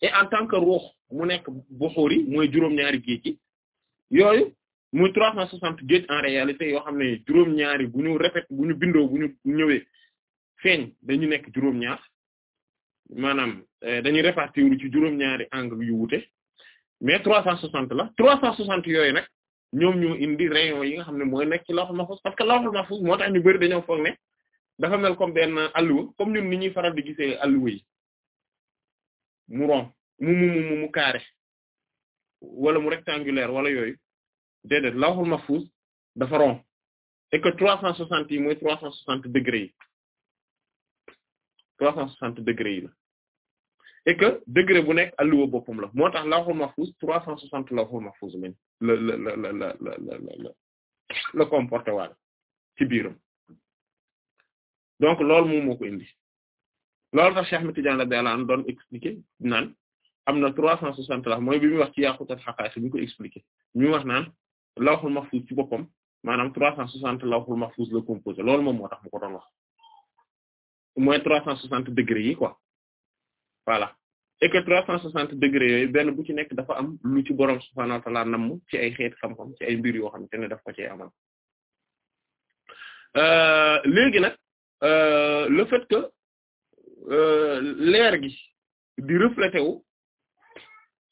S1: et en tant que ruux mu nekk buxuuri mooy juróom-ñaari géej gi yooyu muy trois cent soixante géej en réalité yoo xam ne juróom-ñaari bu ñu répète bu ñu bindoo bu ñu ñëwee feeñ dañu nekk juróom-ñaar maanaam euh, dañuy répartir ci juróom-ñaari angle yu wute mais trois cent soixante la trois cent soixante yooyu nag ñoom ñoo indi rayon yi nga xam ne mooy nekk ci lawhul mahfuz parce que lawhul mahfuz moo tax ñu bëri dañoo foog ne dafa mel comme benn alluwa comme ñun ni ñuy faral di gisee alluwa yi mu rond mu mu mu mu carré wala mu rectangulaire wala yooyu déedéet lawhul mahfuz dafa rond et que 360 yi mooy 360 degrés yi 360 degrés yi et que degré bu nekk alluwa boppam la moo tax lawhul mahfuz 360 lawhul mahfuz min la la la la la la la la comporté waale ci biiram donc loolu moo ko indi loolu tax Cheikh Ahmed Tidiane radiyallahu anhu doon expliquer naan am na 360 la mooy bi muy wax ci yaaqutat xaqaati bi ñu ko expliquer mi wax naan lawhul mahfuz ci boppam maanaam 360 lawhul mahfuz la composé loolu moom moo tax ko doon wax mooy 360 degré yi quoi. voilà et que trois cent soixante degrés yooyu benn bu ci nekk dafa am lu ci boroom subhaanahu wa ta'aala namm ci ay xeeti xam-xam ci ay mbir yoo xamante ne daf ko cee amal euh, léegi nag euh, le fait que euh, leer gi di reflété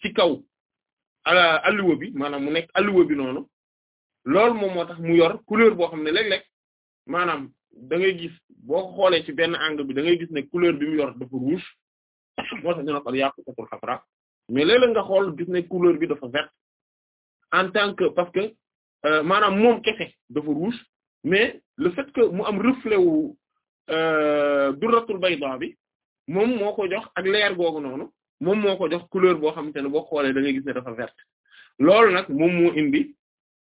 S1: ci kaw alluwa bi maanaam mu nekk alluwa bi noonu loolu moom tax mu yor couleur boo xam ne léeg-léeg maanaam da ngay gis boo xoolee ci benn angle bi da ngay gis ne couleur bi mu yor dafa rouge moo tax ñu ne al-yaaqutatul xafra mais léeg-léeg nga xool gis ne couleur bi dafa verte en tant que parce que euh, maanaam moom kese dafa rouge mais le fait que mu am reflet wu euh, durratul bayda bi moom moo ko jox ak leer googu noonu moom moo ko jox couleur boo xamante ne boo xoolee da ngay gis ne dafa verte loolu nag moom moo indi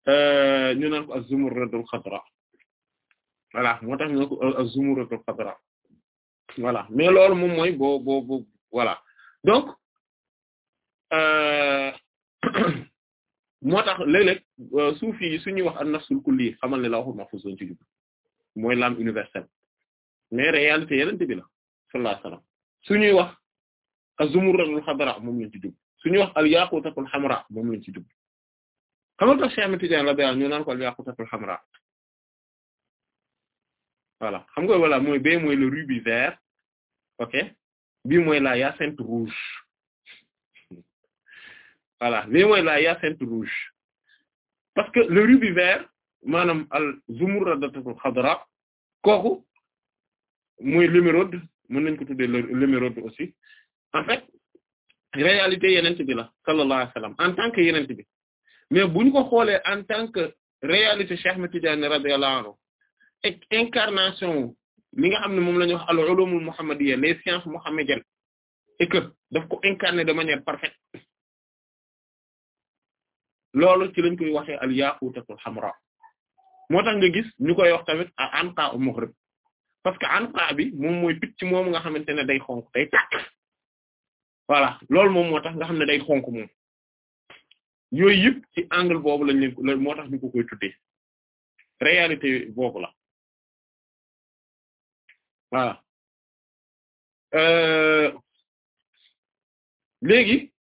S1: euh, ñu naan ko az-zumurratul xadra voilà moo tax ñu naan ko az-zumurratul xadra voilà mais loolu moom voilà donc euh, moo tax léeg euh, su suufi yi suñuy wax an nafsul kulli xamal ne la waxul ci jub mooy l'âme universelle mais réalité yeneen bi la sallallahu alayhi wasallam suñuy wax az-zumurratul xadra moom lañ ci jub suñuy wax al yaqutatul xamra moom lañ ci jub xamal tax Cheikh Ahmed Tidiane la bayal ñu ko al yaqutatul xamra voilà xam nga voilà mooy bee mooy le rubis vert ok bi mooy la hyacinthe rouge voilà bii mooy la hyacinthe rouge parce que le rubis vert maanaam al zumuradatul xadra kooku mooy l'émeraude mën nañ ko tuddee l'émeraude aussi en fait réalité yenent bi la sallallahu en tant que yenent bi mais bu ñu ko xoolee en tant que réalité Cheikh Ahmed Tidiane radiyallahu anhu ak incarnation li nga xam ne moom la ñuy wax al ulumul muhammadiyya les sciences muhammadiennes et que daf ko incarner de manière parfaite loolu ci lañ koy waxee al yaqutatul hamra moo tax nga gis ñu koy wax tamit a anqa u maghrib parce que anqa bi moom mooy picc moom nga xamante ne day xonk day tàkk voilà loolu moom moo tax nga xam ne day xonk moom yooyu yëpp ci angle boobu lañ leen moo tax ñu ko réalité boobu la voilà euh, léegi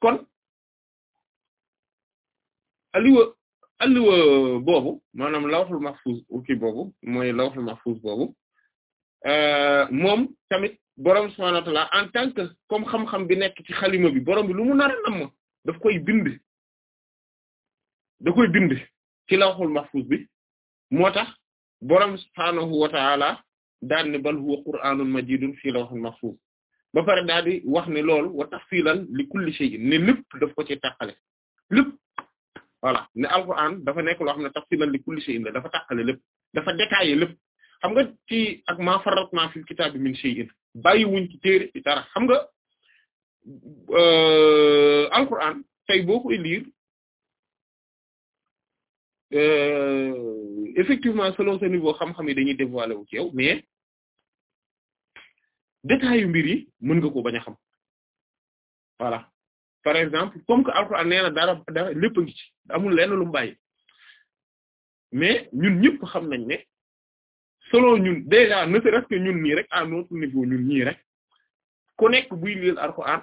S1: kon aliwa aliwa euh, boobu maanaam lawhul mahfuz uki boobu mooy lawhul mahfuz boobu euh, moom tamit borom subhaanahu en tant que comme xam-xam bi nekk ci xalima bi borom bi lu mu nar a nam daf koy bind da koy bind ci lawhul mahfuz bi moo tax borom subhaanahu wa ta'ala daan ne bal huwa qur'aanun majiidun fii lawhin mahfuuz ba pare daal di wax ne loolu wa tafsilan li kulli shay'in ne lépp daf ko ci tàqale lépp voilà ne alquran dafa nekk loo xam ne tafsilan li kulli shay'in la dafa tàqale lépp dafa xam nga ci ak ma farratna fil kitaabi min shay'in bàyyi wuñ ci téere ci dara xam nga euh, alquran tey boo koy lire Euh, effectivement solo sa niveau xam-xam yi dañuy dévoiler wu ci yow mais détails yu mbir mën nga ko bañ a xam voilà par exemple comme que Alxuraan nee na dara a ngi ci amul lenn lu mu mais ñun ñëpp xam nañ ne solo ñun déjà ne serait-ce que ñun nii rek à notre niveau ñun ñii rek ku nekk buy lire Alxuraan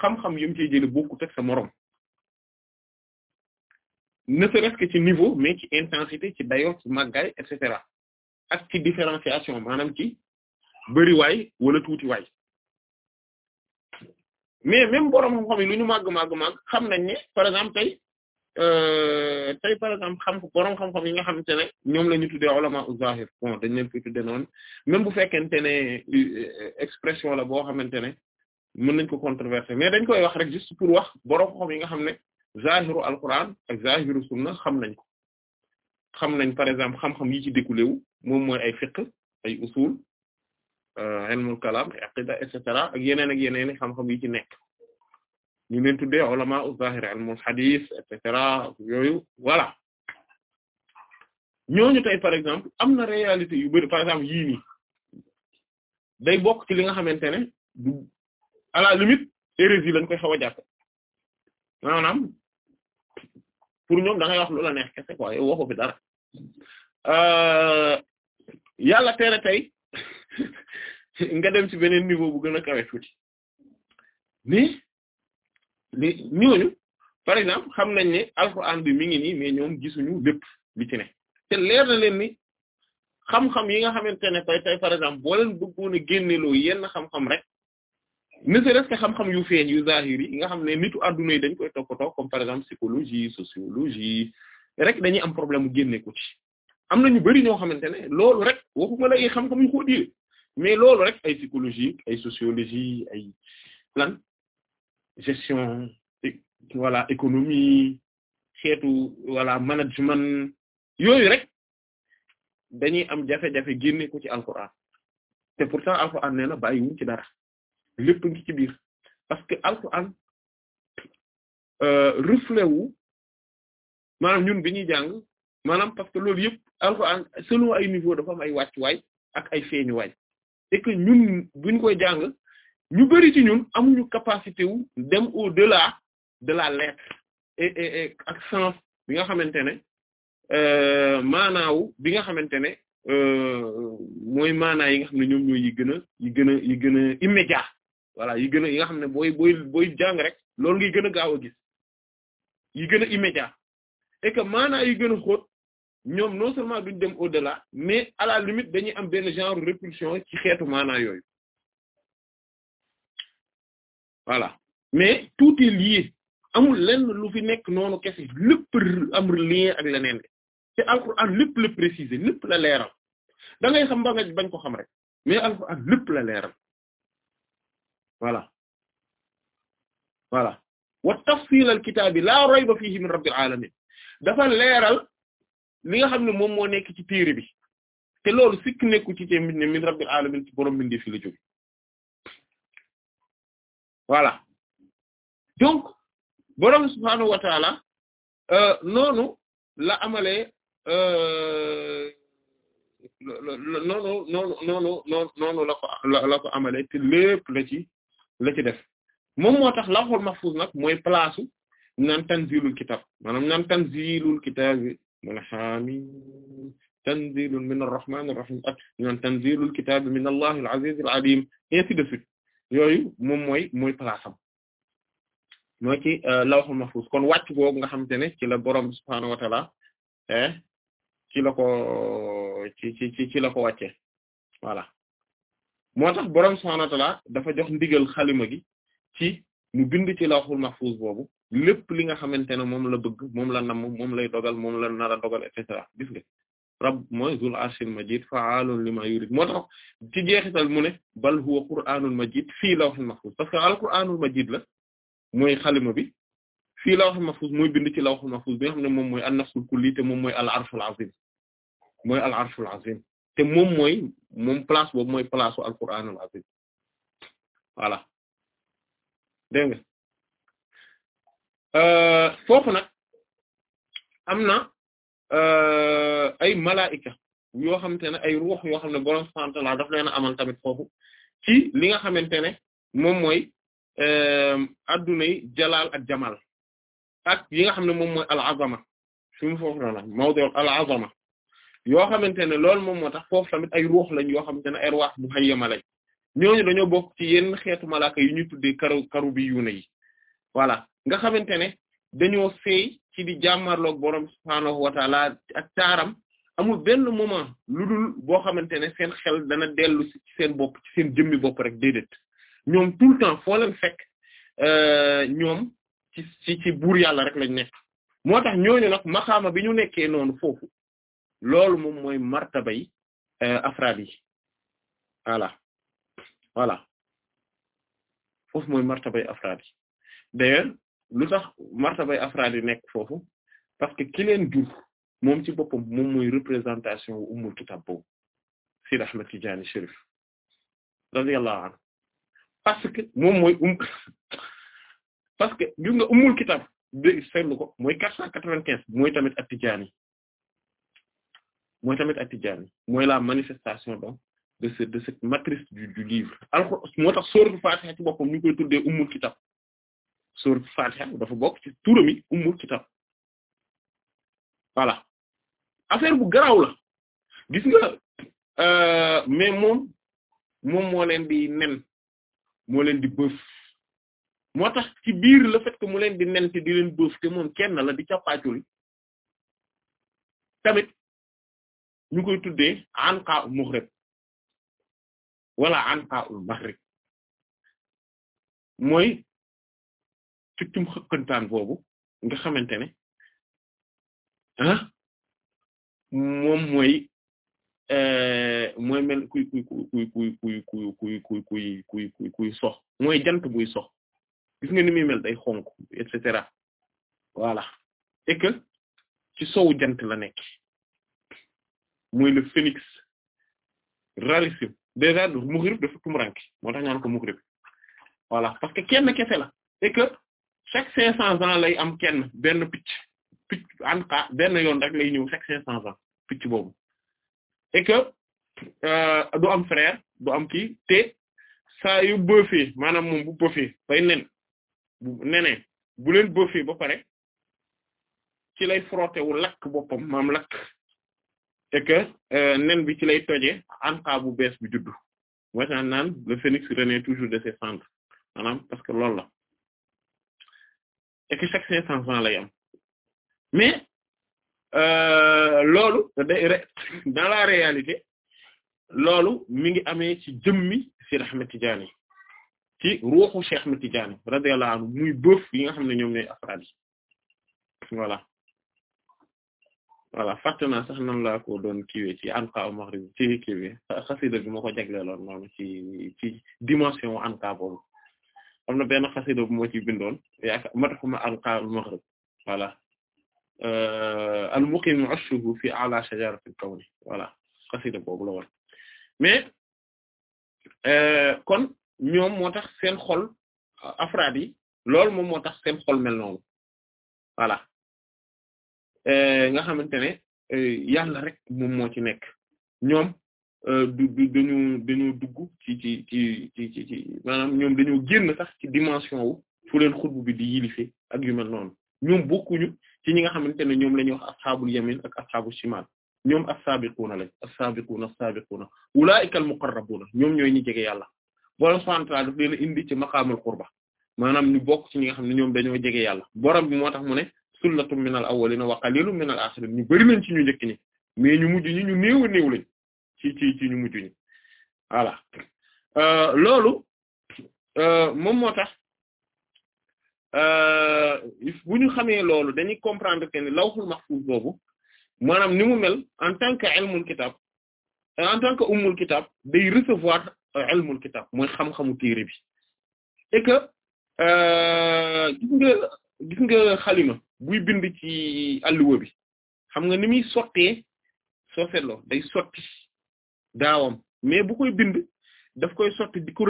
S1: xam-xam yam cey jële bokkut ak sa moroom ne serait-ce que ci niveau mais ci intensité ci dayoo ci màggaay et cetera ak ci différenciation maanaam ci bëriwaay wala tuutiwaay mais même borom xam-xam yi màgg màgg màgg xam nañ ne par exemple tey euh, tey par exemple xam borom xam-xam yi nga xamante ne ñoom la ñu tuddee ulama uzahir bon dañ leen fi tuddee noonu même bu fekkente ne euh, expression la boo xamante ne mën nañ ko controverser mais dañ koy wax rek juste pour wax borom xam yi nga xam ne. zahiru alquran ak zahiru sunna xam nañ ko xam nañ par exemple xam-xam yi ci découlé wu moom mooy ay fiqh ay usul euh, ilmul kalam aqida et cetera ak yeneen ak yeneen xam-xam yi ci nekk ñu leen tuddee ulama u zahir ilmul hadith et cetera yooyu voilà ñooñu tey par exemple am na réalité yu bari par exemple yii day bokk ci li nga xamante ne du à la limite hérésie lañ koy xaw a jàpp pour ñoom da ngay wax lu la neex kese quoi yow waxu fi dara euh, yàlla tere tey nga dem ci beneen niveau bu gën a kawe tuuti ni ñooñu par exemple xam nañ ne alxuraan bi mi ngi nii mais ñoom gisuñu lépp li te leer na leen ni xam-xam yi nga xamante ne tey tey par exemple boo leen bëggoon a génneloo yenn xam-xam rek ne serait-ce que xam-xam yu feeñ yu zahiri yi nga xam ne nitu adduna yi dañ koy toppatoo comme par exemple psychologie sociologie rek dañuy am problème mu génne ko ci am na ñu bari ñoo xamante ne loolu rek waxuma la ay xam-xam yu ko diir mais loolu rek ay psychologie ay sociologie ay lan gestion voilà économie xeetu voilà management yooyu rek dañuy am jafe-jafe génne ko ci alxuraan te pourtant alxuraan nee na bàyyiwuñ ci dara lépp ngi ci biir parce que alxuraan euh, reflet wu maanaam ñun bi ñuy jàng maanaam parce que loolu yëpp alxuraan selon ay niveau dafa am ay wàccuwaay ak ay feeñuwaay et que ñun buñ koy jàng ñu bari ci ñun amuñu capacité wu dem au delà de la lettre et et et ak sens bi nga xamante ne euh, maanaaw bi nga xamante ne euh, mooy maanaa yi nga xam ne ñoom ñooy yi gën a yi gën a yi gën a immédiat voilà yi gën a yi nga xam ne booy booy booy jàng rek loolu ngay gën a gaaw a gis yi gën a immédiat et que maanaa yi gën a xóot ñoom non seulement duñ dem au-delà mais à la limite dañuy am benn genre répulsion ci xeetu maanaa mais tout est lié nekk noonu kese lépp am lien leneen lépp la préciser lépp la leeral xam ba nga bañ ko xam rek mais alxuraan lépp la leeral voilà voilà wa tafsil al kitaab yi laa rayba min rabbil alamin dafa leeral li nga xam ne moom moo nekk ci téere bi te loolu sikk nekku ci te ne min rabbil alamin ci borom bindee fi la jóge voilà donc borom subhaanahu wa taala euh, la amale euh, noonu noonu noonu noonu te lépp la ci la ci def moom moo tax lawhul mahfuz nag mooy place naan tanzilul kitab maanaam naan tanzilul kitab mu ne xaami tanzilun min arrahmanir rahim ak naan tanzilul kitab min allahil azizil alim ainsi de suite yooyu moom mooy mooy place am mooy ci euh, lawhul kon wàcc googu nga xamante ne ci la borom subhaanahu wa ta'ala eh ci la ko ci ci la ko wàcce moo tax borom subhaanahu wa ta'aala dafa jox ndigal xalima gi ci mu bind ci lawhul mahfuz boobu lépp li nga xamante ne moom la bëgg moom la nam moom lay dogal moom la nar a dogal et cetera gis nga rab mooy zul arshil majid fa'aalun lima yurid moo tax ci jeexital mu ne bal huwa qur'aanul majid fii lawhul mahfuz parce que alqur'aanul majid la mooy xalima bi fii lawhul mahfuz mooy bind ci lawhul mahfuz bi nga xam ne moom mooy an-nafsul kulli te moom mooy al arshul azim mooy al arshul azim te moom mooy moom place boobu mooy place su alquranul azim voilà dégg nga euh, foofu nag am na euh, ay malaika yoo xamante ne ay ruux yoo xam ne borom subhaanahu wa ta'aala daf leen a amal tamit foofu ci li nga xamante ne moom mooy euh, addunay jalal ak jamal ak yi nga xam ne moom mooy al azama fi mu foofu la la mawdu al yoo xamante ne loolu moom moo tax foofu tamit ay ruux lañ yoo xamante ne ay ruwaat bu xayyama lañ ñooñu dañoo bokk ci yenn xeetu malaaka yi ñu tuddee karu karu bi yu yuuna yi voilà nga xamante ne dañoo seey ci di jàmmarloog borom subhaanahu wa taala ak taaram amul benn moment lu dul boo xamante ne seen xel dana dellu ci seen bopp ci seen jëmmi bopp rek déedéet ñoom tout le temps foo leen fekk euh, ñoom ci ci ci buur yàlla rek lañ moo tax ñooñu nag maxama bi ñu nekkee noonu foofu loolu moom mooy martabay euh, afraad yi voilà voilà foofu mooy martabay afraad yi lu tax martabay afraad yi nekk foofu parce que ki leen jur moom ci boppam moom mooy représentation wu ummul kitab boobu Sidi Ahmed Tidiane Chérif radiyallahu anhu parce que moom mooy um parce que ju nga kitab de seetlu ko mooy quatre cent quatre-vingt-quinze mooy tamit at Tidiane mooy tamit at-Tidjânî mooy la manifestation donc de ce de cette matrice du livre moo tax sourate Fatiha ci boppam ñu koy tuddee ummul kitab dafa bokk ci turam yi ummul kitab voilà affaire bu garaaw la gis nga euh, mais moom moom moo leen di nen moo leen di bëf moo tax ci biir le fait que mu leen di nen te di leen bëf te moom kenn la di cappaacul tamit. ñu koy tuddee anqa ul maghrib wala anqa ul maghrib mooy fiktum xëkkantaan boobu nga xamante ne ah moom mooy mooy mel kuy kuy kuy kuy kuy kuy kuy kuy kuy kuy kuy sox mooy jant buy sox gis mel day xonk et cetera voilà et que ci sowu jant la nekk muy le phénix rarissime déjà Mugrib dafa tumuranke moo tax ñaan ko Mugrib voilà parce que kenn kese la et chaque cinq cents lay am kenn benn picc picc en cas benn yoon rek lay ñëw chaque cinq cents ans boobu et que euh, du am frère du am ki te saa yu bëfee maanaam bu bëfee bay nen bu bu leen bëfee ba pare ci lay frotter wu lakk boppam maam lak et euh, nen bi ci lay toje anqa bu bees bu juddu wataan naan le phénix renaît toujours de ses cendres parce que loolu la et chaque cinq cents ans lay am mais euh, loolu la réalité loolu mi ngi amee ci jëmmi Seydi Ahmed Tidiane ci ruuxu Cheikh Ahmed Tidiane radiyallahu anhu muy bëf yi nga xam ne ñoom ñooy afraad yi voilà voilà fàtte naa sax nan laa ko doon kiiwee ci anka maghrib ci kiiwee xasida bi ma ko jagleeloon moom ci ci dimension wu anka boobu am na benn xasida bu ma ci bindoon yaakaar madhuma anka al maghrib voilà euh, al muqimu ashuhu fi ala la woon mais euh, kon ñoom moo tax seen xol afraad yi loolu moom tax seen xol mel noonu Euh, nga xamante ne euh, yàlla rek moom moo ci nekk ñoom euh, du dañu dañoo dugg ci ci ci ci ci ñoom dañoo génn sax ci dimension wu fu leen xutbu bi di yilife ak yu mel noonu ñoom bokkuñu ci ñi nga xamante ne ñoom la ñuy wax asxaabul yamin ak asxaabul shimal ñoom as-sabiquna lañ as-sabiquna as-sabiquna ulaa'ikal muqarrabuna ñoom ñooy ñi jege yàlla borom subhaanahu wa ta'aala daf leen indi ci maqaamul qurba maanaam ñu bokk ñi nga xam ne ñoom dañoo jege yàlla borom bi moo tax mu ne sullatun minal awwalina wa qalilun minal ñu bari ci ñu njëkk mais ñu mujj ñi ñu néew a néew lañ ci ci ñu mujj ñi euh, loolu euh, moom moo tax euh, bu ñu xamee loolu dañuy comprendre que ni lawhul mahfuz boobu maanaam ni mu mel en tant que ilmul kitab en tant que ummul kitab day recevoir ilmul kitab mooy xam-xamu téere bi et que xalima buy bind ki alluwa bi xam nga ni muy sottee soo day sotti daawam mais bu koy bind daf koy sotti di ko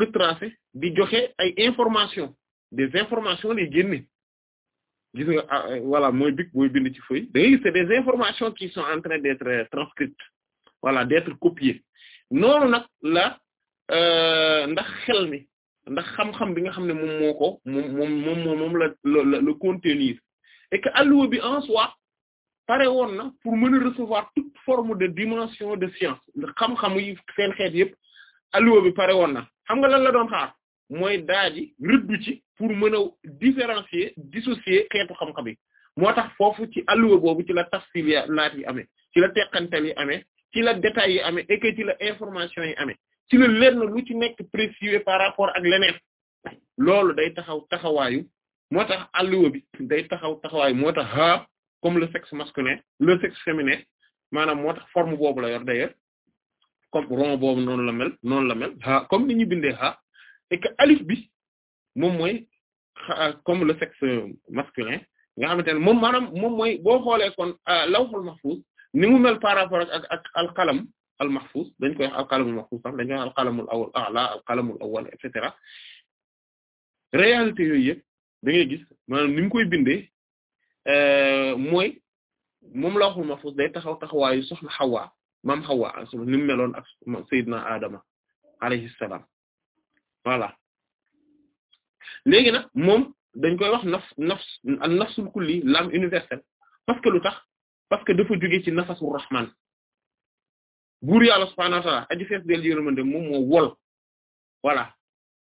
S1: di joxe ay information des informations lay génne gis nga ah, euh, voilà mooy big booy bind ci feuille da ngay gis c'est des informations qui sont en d'être euh, transcrites voilà d'être copiées noonu nag la euh, ndax xel mi ndax xam-xam bi nga xam ne moom moo ko moom la la la contenir et que alluwa bi en soi pare woon na pour mën a recevoir toute forme de dimension de science xam-xam yi seen xeet yëpp alluwa bi pare woon na xam nga lan la doon xaar mooy daaji rëddu ci pour mën a différencier dissocier xeetu xam-xam yi moo tax foofu ci alluwa boobu ci la tafsil laat yi amee ci la teqantal yi amee ci la détails yi amee et ci la information yi amee ci la leer na lu ci nekk précisé par rapport ak leneen loolu day taxaw taxawaayu moo tax alluwa bi day taxaw taxawaay moo tax ha comme le sexe masculin le sexe féminin maanaam moo tax forme boobu la yor d'ailleurs comme rond boobu noonu la mel noonu la mel comme ni ñu bindee ha et alif bi moom mooy comme le sexe masculin nga xamante ne moom maanaam moom mooy boo xoolee kon euh, lawhul mahfuz ni mu mel par rapport ak ak alqalam al mahfuz dañ koy wax alqalamul mahfuz sax dañ koy wax alqalamul awwal a'la alqalamul awwal et cetera réalité yooyu yëpp da ngay gis maanaam koy bindee euh, mooy moom lawhul mahfuz day taxaw taxawaayu soxna Hawa maam Hawa asma ni mu meloon ak Seydina Adama alayhi salaam voilà léegi nag moom dañ koy wax naf nafs al nafsul kulli l'âme universelle parce que lu tax parce que dafa jóge ci nafasur rahman buur yàlla subhaanahu wa ta'aala aji fees del yërmande moom moo wol voilà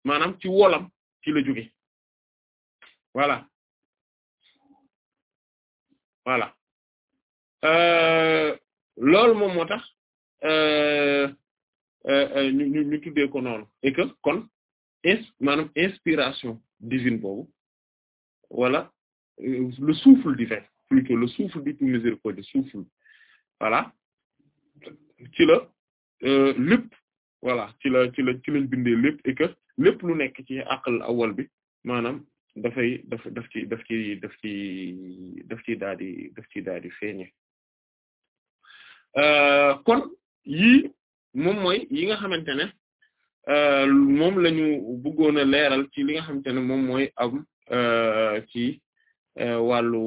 S1: maanaam ci wolam ci la jóge voilà voilà euh, loolu moom moo tax euh, euh, ñu ñu ñu tuddee ko noonu et kon ins maanaam inspiration divine boobu voilà le souffle divin plutôt le tout miséricordieux souffle voilà ci la lépp voilà ci la ci la ci lañ bindee lépp et que lépp lu nekk ci aqal awal bi maanaam dafay daf daf ci daf ci daf ci daf daf ci daal di feeñe euh, kon yii moom mooy yi nga xamante ne euh, moom la ñu bëggoon a leeral ci li nga xamante ne moom mooy am euh, ci wàllu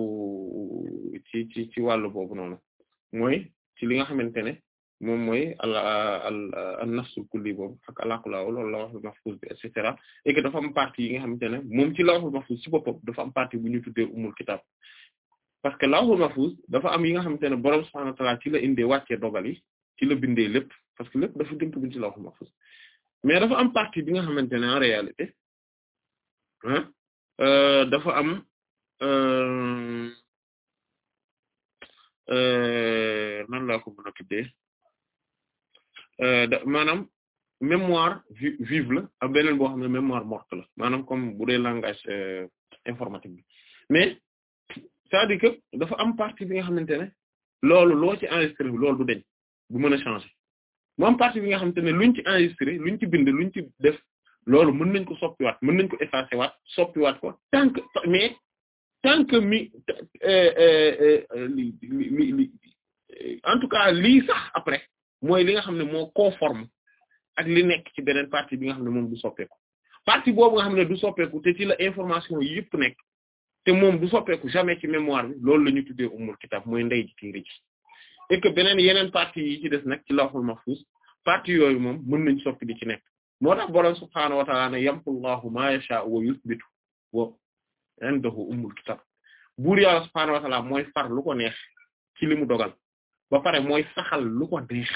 S1: ci ci ci wàllu boobu noonu mooy ci li nga xamante ne moom mooy al al nafsul kulli boobu ak alaqulaaw loolu lawhul mahfuz bi et cetera et dafa am partie yi nga xamante ne moom ci lawhul mahfuz ci boppam dafa am partie bu ñu tuddee umul kitab parce que lawhul mahfuz dafa am yi nga xamante ne borom subhaanahu wa ta'aala ci la indee wàccee dogal yi ci la bindee lépp parce que lépp dafa dënk buñ ci lawhul dafa am partie bi nga xamante ne en réalité ah dafa am. Euh, euh, nan laa ko mën a Euh, maanaam mémoire vive la ak beneen boo xam ne mémoire morte la maanaam comme bu dee langage euh, informatique bi mais c'est-à-dire dafa am partie bi nga xamante ne loolu loo ci enregistré bi loolu du deñ bu mën a changer mu am partie bi nga xamante ne luñ ci enregistré luñ ci bind luñ ci def loolu mën nañ ko soppiwaat mën nañ ko effacé waat soppiwaat ko tant que mais tant que mi euh, en tout cas lii sax après mooy li nga xam ne moo conforme ak li nekk ci beneen partie bi nga xam ne moom du soppeeku partie boobu nga xam ne du soppeeku te ci la information yëpp nekk te moom du soppeeku jamais ci mémoire bi loolu la ñu tuddee umul kitab mooy ndey ji téere ji et beneen yeneen yi ci des nag ci lawhul mahfuz yooyu moom mën nañ soppi di ci nekk moo tax boroom subhaanahu wa ta'aala ne yamhullahu ma yashaa'u wa yuthbitu wa indahu umul kitab buur yàlla subhaanahu wa ta'aala mooy far lu ko neex ci li mu dogal ba pare mooy saxal lu ko neex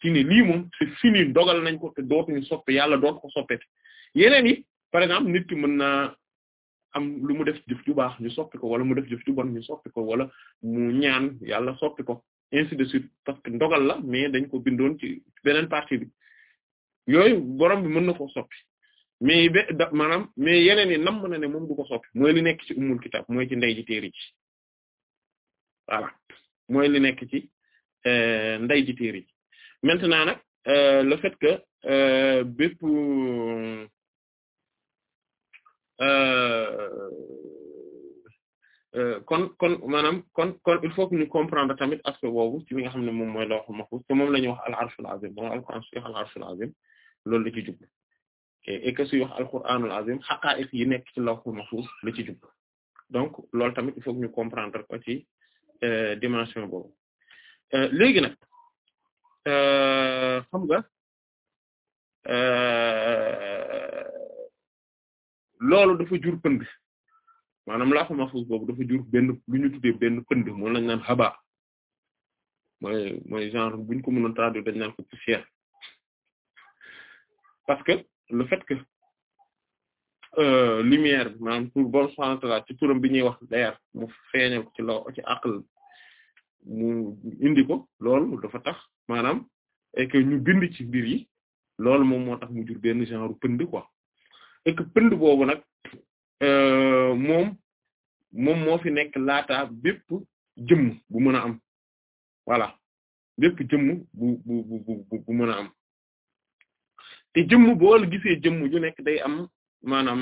S1: ci ne lii moom c'est fini dogal nañ ko te dootuñu soppe yàlla dootu ko soppeeti yeneen yi par exemple nit ki mën naa am lu mu def jëf ju baax ñu soppi ko wala mu def jëf ju bon ñu soppi ko wala mu ñaan yàlla soppi ko ainsi de suite parce que ndogal la mais dañ ko bindoon ci beneen partie bi yooyu borom bi mën na koo soppi mais be maanaam mais yeneen yi nam na ne moom du ko soppi mooy li nekk ci umul kitab mooy ci ndey ji téeri mooy li nekk ci euh, nday ji téere ji euh, le fait que euh, bépp kon kon maanaam kon kon il faut que ñu comprendre tamit aspect boobu ci li nga xam ne moom mooy lawhul mahfuz te moom la ñuy wax al arshul azim moom alquran suy wax al arshul azim loolu la ci jublu et que suy wax alquranul azim haqa'iq yi nekk ci lawhul mahfuz la ci jublu donc loolu tamit il faut que comprendre ko ci Euh, dimension boobu euh, léegi nag euh, xam nga loolu dafa jur pënd maanaam laa xama fuus boobu dafa jur benn lu ñu tuddee benn pënd moom lañ naan xabaa mooy mooy genre buñ ko mënoon traduire dañ naan ko parce que le fait que Euh, lumière bi maanaam pour borom subhaanahu wa ci turam bi ñuy wax leer mu feeñal ko ci lo ci aql mu indi ko loolu dafa tax maanaam et ñu bind ci mbir yi loolu moom moo tax mu jur benn genre pënd quoi et que pënd boobu nag euh, moom moom moo fi nekk laata bépp jëmm bu mën a am voilà bépp jëmm bu bu bu bu bu mën a am te jëmm boo gisee jëmm ju day am maanaam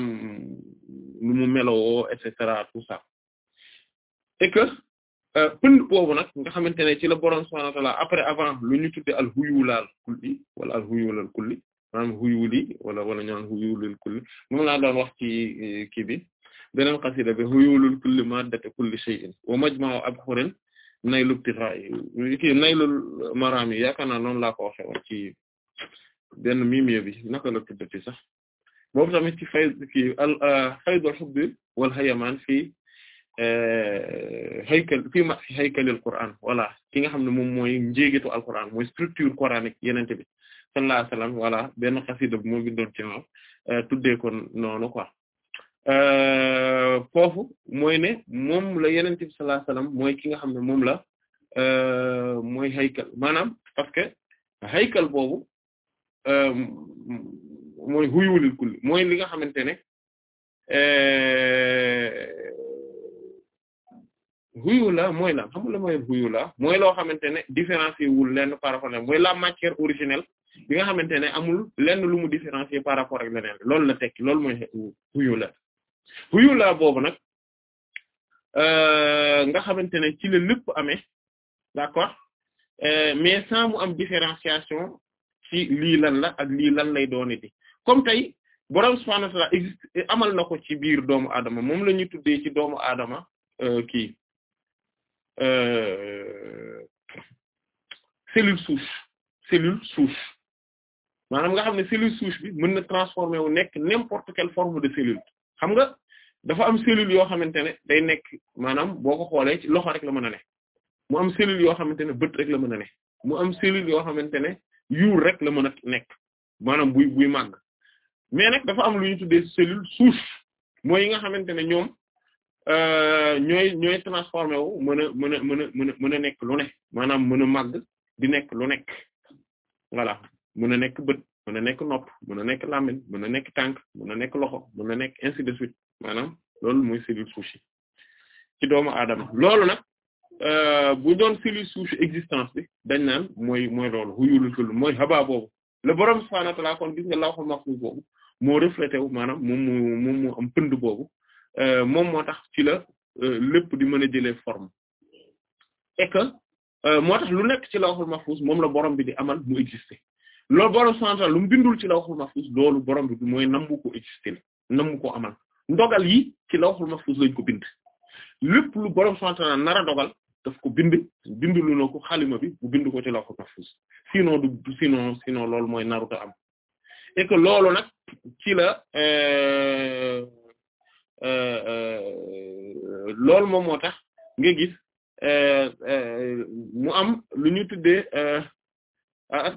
S1: lu mu meloo et cetera tout ça et que euh, pënd boobu nag nga xamante ne ci la borom subhanahu wa après avant lu ñu tudde al huyulaal kulli wala al huyulal kulli maanaam huyuli wala wala ñu naan huyulul kulli moom laa doon wax ci euh, kii bi beneen xasida bi huyulul kulli maddate kulli shay'in wa majma'u abhurin naylul tira'i kii naylul marami yaakaar naa noonu laa ko waxe woon ci benn mimie bi naka la tuddati sax boobu tamit ci fay kii al euh, faydul hubbi wal hayamaan fii euh, haykal fii ma si haykalil Qur'an voilà ki nga xam ne moom mooy njéegitu Alquran mooy structure coranique yenente bi sallallahu alayhi wasallam voilà benn xasida bu moo bindoon ci moom euh, tuddee ko noonu quoi foofu mooy ne moom la yenente bi sallallahu alayhi wasallam mooy ki nga xam ne moom la mooy haykal maanaam parce que haykal boobu mooy huyulil kulli mooy li nga xamante ne huyula eh, mooy lan xam nga mooy huyula mooy loo xamante ne différencier wul lenn par rapport mooy la matière originelle bi nga xamante ne amul lenn lu mu différencier par rapport ak leneen loolu la tekki loolu mooy huyula huyula boobu nag eh, nga xamante ne ci la lépp amee d'accord eh, mais sans mu am différenciation ci lii lan la ak lii lan lay doonati comme tey borom subhaanahu wa ta'aala amal na ko ci biir doomu aadama moom la ñuy tuddee ci doomu aadama euh, kii euh, cellule souche cellule souche maanaam nga xam ne cellule mën na transformer wu nekk n'importe quelle de cellule xam nga dafa am cellule yoo xamante ne day nekk maanaam boo ko xoolee loxo rek la mën a ne mu am cellule yoo xamante ne bët rek la mën a ne mu am cellule yoo xamante ne yuur rek la mën a nekk maanaam buy buy màgg mais nag dafa am lu ñu tuddee cellule souche mooy yi nga xamante ne ñoom euh, ñooy ñooy transformé wu mën mën mën a mën mën a nekk lu ne maanaam mën a màgg di nekk lu nekk voilà mën a nekk bët mën a nekk nopp mën a nekk làmmiñ mën a nekk tànk mën a nekk loxo mën a nekk ainsi de suite maanaam loolu mooy cellule souche yi ci doomu aadama loolu nag euh, bu doon cellule souche existence bi dañ naan mooy mooy loolu xuyulul mooy xabaa boobu le borom subhaanahu wa ta'aala kon gis nga lawhul mahfuuz moo reflété wu maanaam moom mu moom mu am pënd boobu euh, moom moo tax ci la euh, lépp di mën a jëlee forme et que euh, tax lu nekk ci lawhul mahfuz moom la borom bi di amal mu exister loolu borom central lu mu bindul ci lawhul mahfuz loolu borom bi mooy nambu ko exister ko amal ndogal yi ci lawhul mahfuz lañ ko bind lép lu borom central nar a dogal daf ko bind bindu lu na ko xalima bi bu bind ko ci lawhul mahfuz sinon du sinon sinon loolu mooy naruta am et que loolu nag ci la euh, euh, euh, loolu moom moo tax nga gis mu am lu ñu tuddee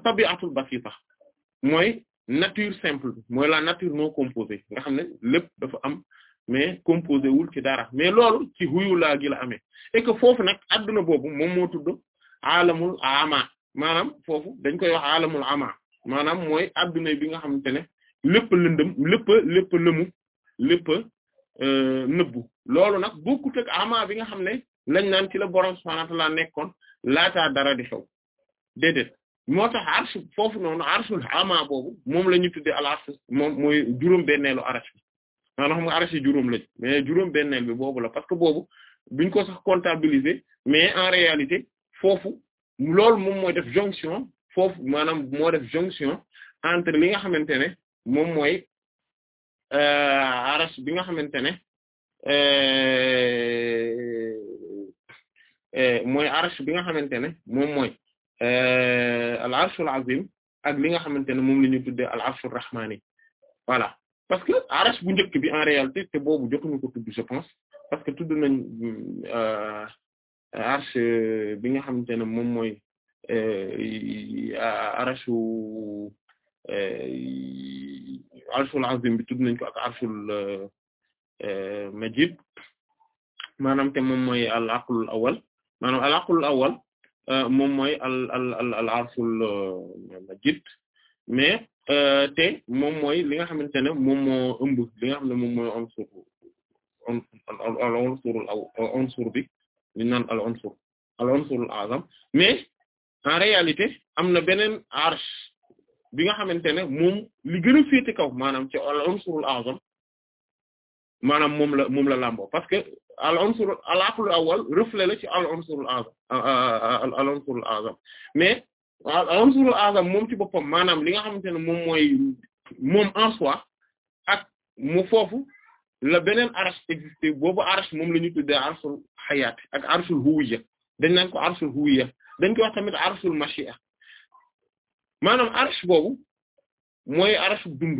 S1: tabi'atul basita mooy nature simple mooy la nature non composée nga xam ne lépp dafa am mais composé wul ci dara mais loolu ci huyu laa gi la amee et que foofu nag adduna boobu moom moo tudd alamul ama maanaam foofu dañ koy wax alamul ama maanaam mooy adduna bi nga xamante ne lépp lëndëm lépp lépp lëmu lépp euh, nëbbu loolu nag bokkut ak ama bi nga xam ne lañ naan ci la borom subhaanahu wa ta'aala nekkoon laataa dara di xew déedéet moo tax arsh foofu noonu arshul ama boobu moom la ñu tuddee al arsh moom mooy juróom-benneelu arsh bi maanaam xam nga arsh juróom lañ mais juróom bi boobu la parce que boobu buñ ko sax comptabiliser mais en réalité foofu loolu moom mooy def jonction foofu maanaam moo def jonction entre li nga xamante ne moom mooy euh, arash bi nga xamante ne euh, euh, mooy arash bi nga xamante ne moom mooy al arshul azim ak li nga xamante ne moom la ñu tuddee al arshur rahmani voilà parce que arash bu njëkk bi en réalité te boobu jotuñu ko tudd je pense parce que tudd nañ arsh bi nga xamante ne moom mooy arachu archul azim bi tudd nañ ko ak archul majid maanaam te moom mooy al awal maanaam al aqlul awal moom mooy al al al archul majid mais te moom mooy li nga xamante ne moom moo ëmb li nga xam ne moom mooy unsur al unsur al unsur bi li naan en réalité am na beneen arsh bi nga xamante ne moom li gën kaw maanaam ci al unsurul azam maanaam moom la moom la làmboo parce que al unsur al aqlul la ci al unsurul azam mais al unsurul azam moom ci boppam maanaam li nga xamante ne moom mooy moom en soi ak mu foofu la beneen arsh existé boobu arsh moom la ñu tuddee arshul hayaat ak arshul huwiyya dañ naan ko arshul huwiyya dañ koy wax tamit arshul mashia maanaam arsh boobu mooy arshu dund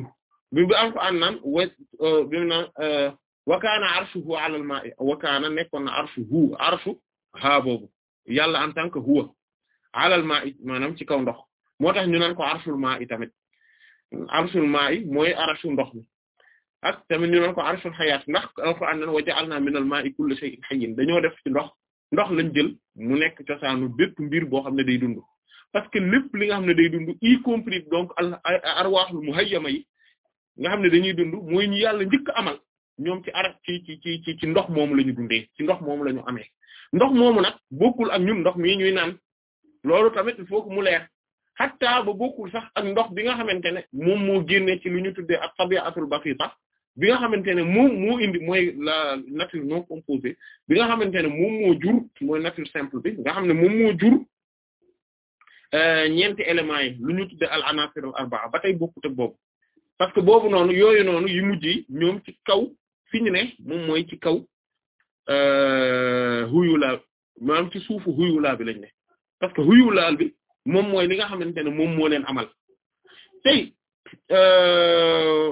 S1: bi bi alquran naan we uh, bi mu naan uh, wakaana arshuhu alal ma'i wakaana nekkoon na arshuhu arshu haa boobu yàlla en tant que huwa alal ma'i maanaam ci kaw ndox moo tax ñu naan ko arshul ma'i tamit arshul ma'i mooy arshu ndox mi ak tamit ñu naan ko arshul hayat ndax alquran naan wa ja'alna minal ma'i kulli shay'in hayyin dañoo def ci ndox ndox lañ jël mu nekk cosaanu bépp mbir boo xam ne day dund parce que lépp li nga xam ne day dund y compris donc al arwaaxul muhayyama yi nga xam ne dañuy dund mooy ñu yàlla njëkk amal ñoom ci ara ci ci ci ci ndox moomu la ñu dundee ci ndox moomu la ñu amee ndox moomu nag bokkul ak ñun ndox mi ñuy naan loolu tamit il mu leer xattaa ba bokkul sax ak ndox bi nga xamante ne moom moo génnee ci lu ñu tuddee ak tabi'atul basita bi nga xamante ne moom moo indi mooy la nature non composée bi nga xamante ne moom moo jur mooy nature simple bi nga xam ne moom moo jur euh, ñeenti éléments yi lu ñu tudde al anasir al arba'a ba tey bokkut parce que boobu noonu yooyu noonu yu mujj yi ñoom ci kaw fi ñu ne moom mooy ci kaw euh, huyulaa maanaam ci suufu huyulaa bi lañ ne bi moom mooy li nga xamante ne moom moo leen amal tey. Euh,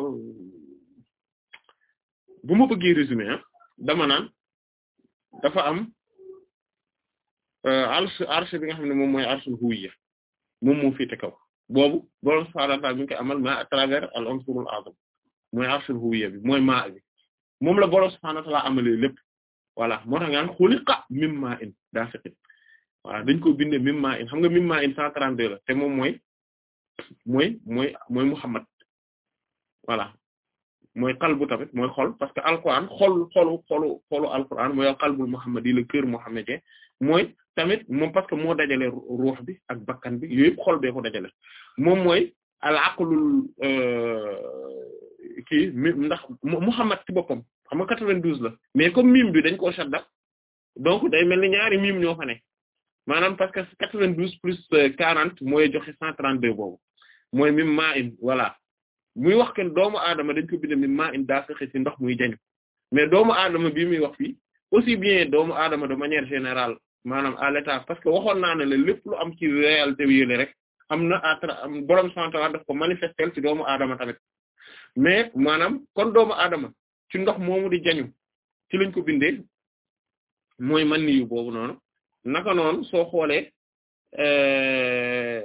S1: bu ma bëggee résumé ah dama dafa am euh, arsh bi nga xam ne moom mooy arshul huwiyya moom moo boobu borom subhaanahu wa ta'aala koy amal ma à al unsurul azam mooy arshul huwiyya bi mooy ma bi moom la borom subhaanahu wa ta'aala amalee lépp voilà xuliqa mim maa'in daafiq voilà dañ ko bindee mim maa'in xam nga mim maa'in 132 la te moom mooy mooy mooy mooy mooy qalbu tamit mooy xol parce que alquran xol xolu xolu xolu alquran mooy qalbul muhammadi le cœur muhammadien mooy tamit moom parce que moo dajale ruux bi ak bakkan bi yooyu yëpp xol bee ko dajale moom mooy al aqlul euh, kii ndax muhammad ci boppam xam nga 92 la mais comme mim bi dañ koo shadda donc day mel ni ñaari mim ñoo fa ne maanaam parce que 92 plus 40 euh, mooy joxe 132 boobu mooy mim maa in voilà. muy wax ken doomu aadama dañ ko bind min maa in daafiqi ci ndox muy jañu mais doomu aadama bii muy wax fii aussi bien doomu aadama de manière générale maanaam à l'état parce que waxoon naa ne la lépp lu am ci réalité yéle rek am na à am borom santawa daf ko manifestel ci doomu aadama tamit mais maanaam kon doomu aadama ci ndox moomu di jañu ci lañ ko bindee man ni yu boobu noonu naka noonu soo xoolee euh,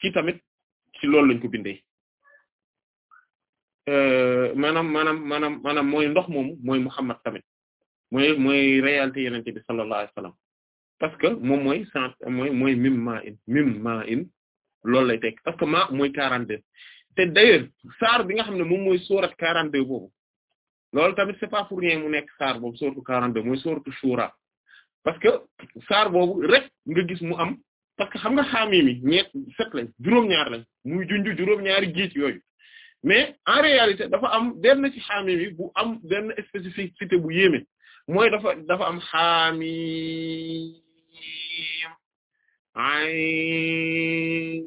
S1: ci tamit ci loolu lañ ko bindee euh, maanaam maanaam maanaam maanaam mooy ndox moomu mooy Muhammad tamit mooy mooy réalité yeneen bi sallallahu alayhi wasallam parce que moom mooy cent mooy mooy mim maa in mim maa in loolu lay tekk parce que maa mooy 42 te d'ailleurs saar bi nga xam ne moom mooy sourate 42 boobu loolu tamit c'est pas pour rien mu nekk saar boobu sourate 42 mooy sourate Shura parce que saar boobu rek nga gis mu am parce que xam nga xaamim yi ñeent set lañ juróom-ñaar lañ muy junju juróom-ñaari géej yooyu mais en réalité dafa am benn ci xaamim bu am benn spécificité bu yéeme mooy dafa dafa am xaamim ayn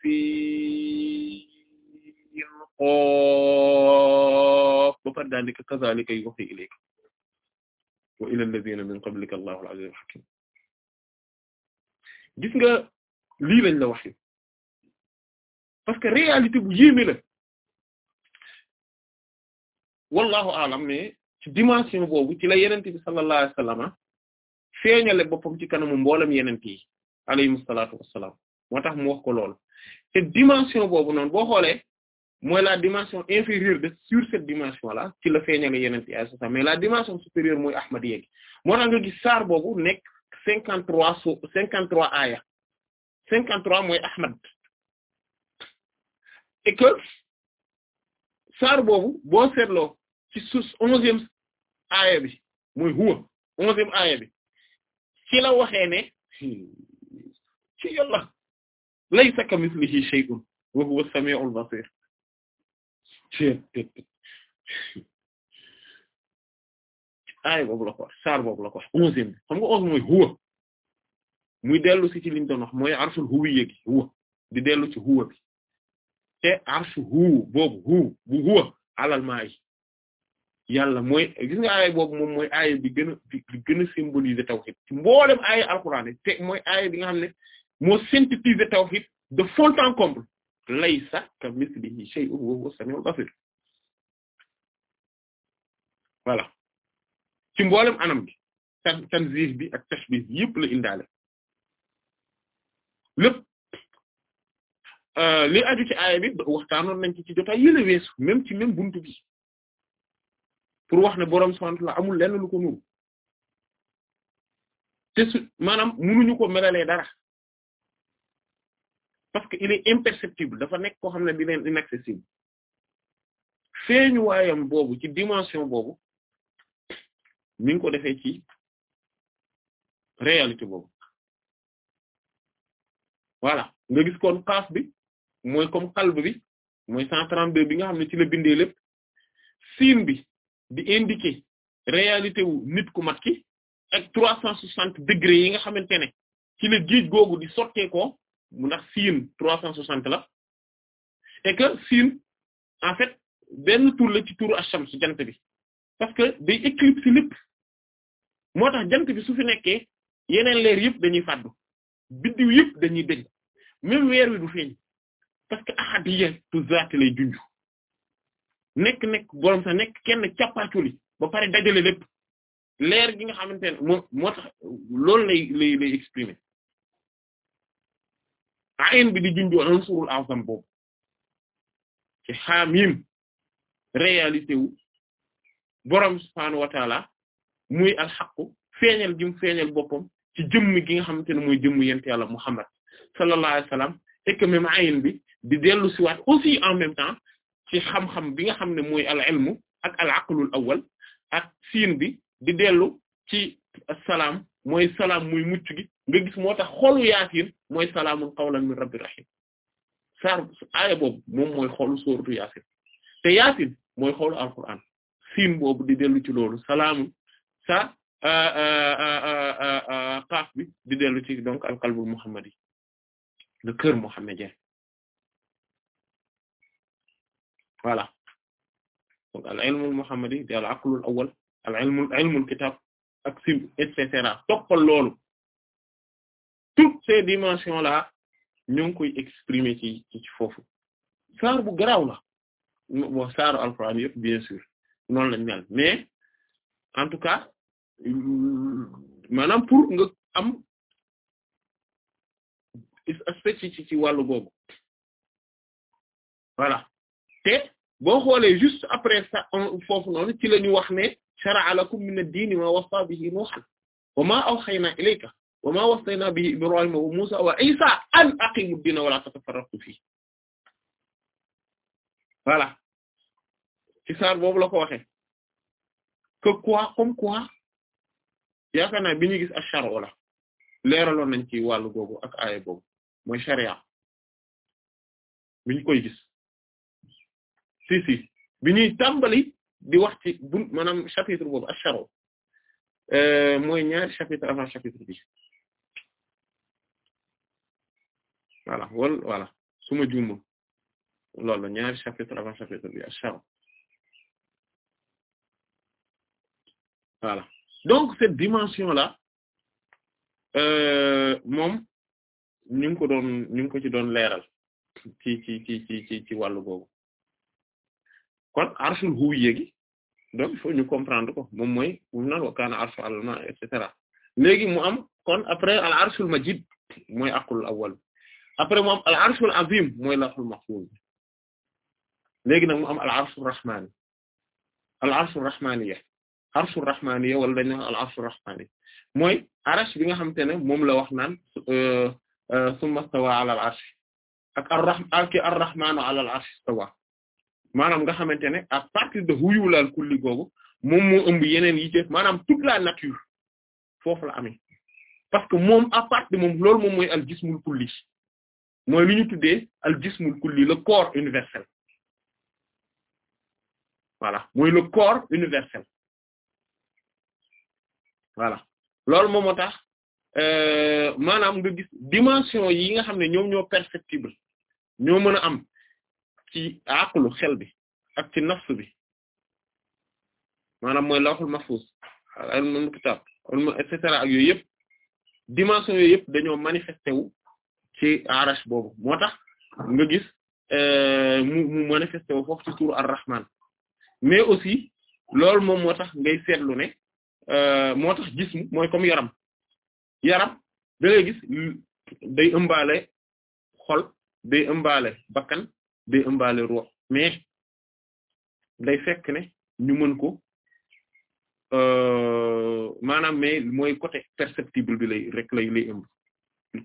S1: siin qaaf ba pare daal di ko kazaalika yuuhii ilayka wa ilaa allaziina min qablika allaahul aziizul hakiim gis nga lii lañ la wax yi parce que réalité bu yéeme wallahu alam mais ci dimension boobu ci la yenent bi sallallahu alayhi wasallam feeñale boppam ci kanamu mboolem yenent yi alayhimu salaatu wassalaam moo tax mu wax ko lool te dimension boobu noonu boo xoolee mooy la dimension inférieure de sur cette dimension là ci la feeñale yenent yi alayhi mais la dimension supérieure mooy ahmadiyya gi moo tax nga gis saar boobu nekk cinquante trois su cinquante trois aaya cinquante trois saar boobu boo seetloo ci suuf bi muy huwa onzième aaya bi ci la waxee ne ci yàlla laysa kamithlihi shay'un wa huwa as-sami'ul aay boobu la ko saar boobu la ko wax nga onze mooy huwa muy dellu si ci liñ doon wax mooy arsul huwiyya gi huwa di dellu ci huwa bi te arsu huu boobu huu bu huwa alal maa yi yàlla mooy gis nga aaya moom mooy aaya bi gën a bi gën a symboliser tawhid ci mboolem aaya alquran te mooy aaya bi nga xam ne moo synthétiser tawhid de fond en comble laysa ka mislihi shay'un wa huwa as-sami'ul basir voilà ci mboolem anam gi tanzih bi ak tashbih yëpp la indaale lépp euh, li aju ci aaya bi waxtaanoon nañ ci ci jotaay yële weesu même ci même buntu bi pour wax ne boroom subhanahu wa amul lenn lu ko te su maanaam munuñu ko melalee dara parce que il est imperceptible dafa nekk koo xam ne di leen inaccessible feeñu waayam boobu ci dimension boobu mi ngi ko defee ci réalité boobu voilà nga gis kon xaaf bi mooy comme xalb bi mooy 132 bi nga xam ne ci la bindee lépp bi di indiquer réalité wu nit ku mat ki ak 360 degré yi nga xamante ne ci la géej googu di sotteekoo mu ndax siin 360 la et que siin en fait benn tur la ci turu Ash-Shams jant bi parce que day éclipse lépp moo tax jant bi su nekkee yeneen leer yëpp dañuy fàddu biddiw yëpp dañuy dëñ même weer wi du feeñ parce que ahadiyatu zaati lay junj nekk nekk borom sax nekk kenn cappaaculi ba pare dajale lépp leer gi nga xamante ne moo tax loolu lay lay lay exprimer ayin bi di junj ansurul azam boobu ci xaamim réalité wu borom subhaanahu wa muy alxaqu feeñal gi boppam ci jëmm gi nga xamante ne mooy jëmm yent yàlla Muhammad sallallahu alayhi wa sallam et que ayin bi di dellu siwaat aussi en même temps ci xam-xam bi nga xam ne mooy al ilmu ak al aqlul awwal ak siin bi di dellu ci salaam mooy salaam muy mucc gi nga gis moo tax xolu yaasin mooy salaamun qawlan min rabbir rahim saar aaya boobu moom mooy xolu sóoratu yaasin te yaasin mooy xolu alquran siin boobu di dellu ci loolu salaamun ça xaaf euh, euh, euh, bi di dellu ci donc alqalbul muhammadi le cœur mohammédien voilà al ilmul muhammadi di al aqlul awwal al ilmul ilmul kitab ak sim et cetera loolu toutes ces dimensions là ñu koy exprimer ci ci saar bu garaaw la bon saaru alxuraan bien sûr noonu lañ mel mais en tout cas maanaam pour nga am aspect ci ci wàllu boobu voilà te boo xoolee juste après ça foofu noonu ci la ñu wax ne shara'a lakum min na diini ma wasa bihi Nuuhan wa ma awhaynaa ilayka wa ma wasaynaa bihi Ibraahiima wa Muusaa wa Iisaa an aqiimu ad-diina wa laa tatafarraqu fiihi voilà ci saar boobu la ko waxee que quoi comme quoi yaakaar naa bi ñuy gis ash-shar'u leeraloon nañ ci wàllu boobu ak aaya boobu mooy sharia bi koy gis si si bi ñuy tàmbali di wax ci bun maanaam chapitre boobu ash-shar'u euh, mooy ñaari chapitre avant chapitre bi voilà wol voilà su ma juumul loolu la ñaari chapitre chapitre bi ash-shar'u voilà donc cette dimension là euh, moom ñu ko doon ñu ko ci doon leeral ci ci ci ci ci wàllu boobu kon arsul huwiyya gi donc il faut ñu ko moom mooy mu naan wa kaana arsu alama et cetera léegi mu am kon après al arsul majid mooy aqul awwal après mu am al arsul azim mooy lawhul mahfuz léegi nag mu am al arsul rahmaani al arsul rahmaaniyya arshur rahmaani wala dañu wax al arshur rahmaani mooy arash bi nga xamante ne moom la wax naan euh, euh, summa stawa ala al ak ar ak ar rahmaanu ala al nga xamante ne à partir de huyulal kulli googu moom moo ëmb yeneen yi ci maanaam toute la nature foofu la amee parce que moom à partir de moom loolu moom mooy al jismul kulli mooy li ñu tuddee al jismul kulli le corps universel voilà mooy le corps universel voilà loolu moom moo tax euh, maanaam nga gis dimension yi nga xam ne ñoom ñoo perceptible ñoo mën a am ci aqlu xel bi ak ci nafs bi maanaam mooy lawhul mahfuz al kitab yooyu yëpp dimension yooyu yëpp dañoo manifesté wu ci arash boobu moo tax nga gis euh, mu mu manifesté wu foofu ci mais aussi loolu moom moo tax ngay seetlu ne Euh, moo tax jismu mooy comme yaram yaram da ngay gis day ëmbaale xol day ëmbaale bakkan day ëmbaale ruux mais day fekk ne ñu mën ko euh, maanaam mais mooy côté perceptible bi lay rek lay lay ëmb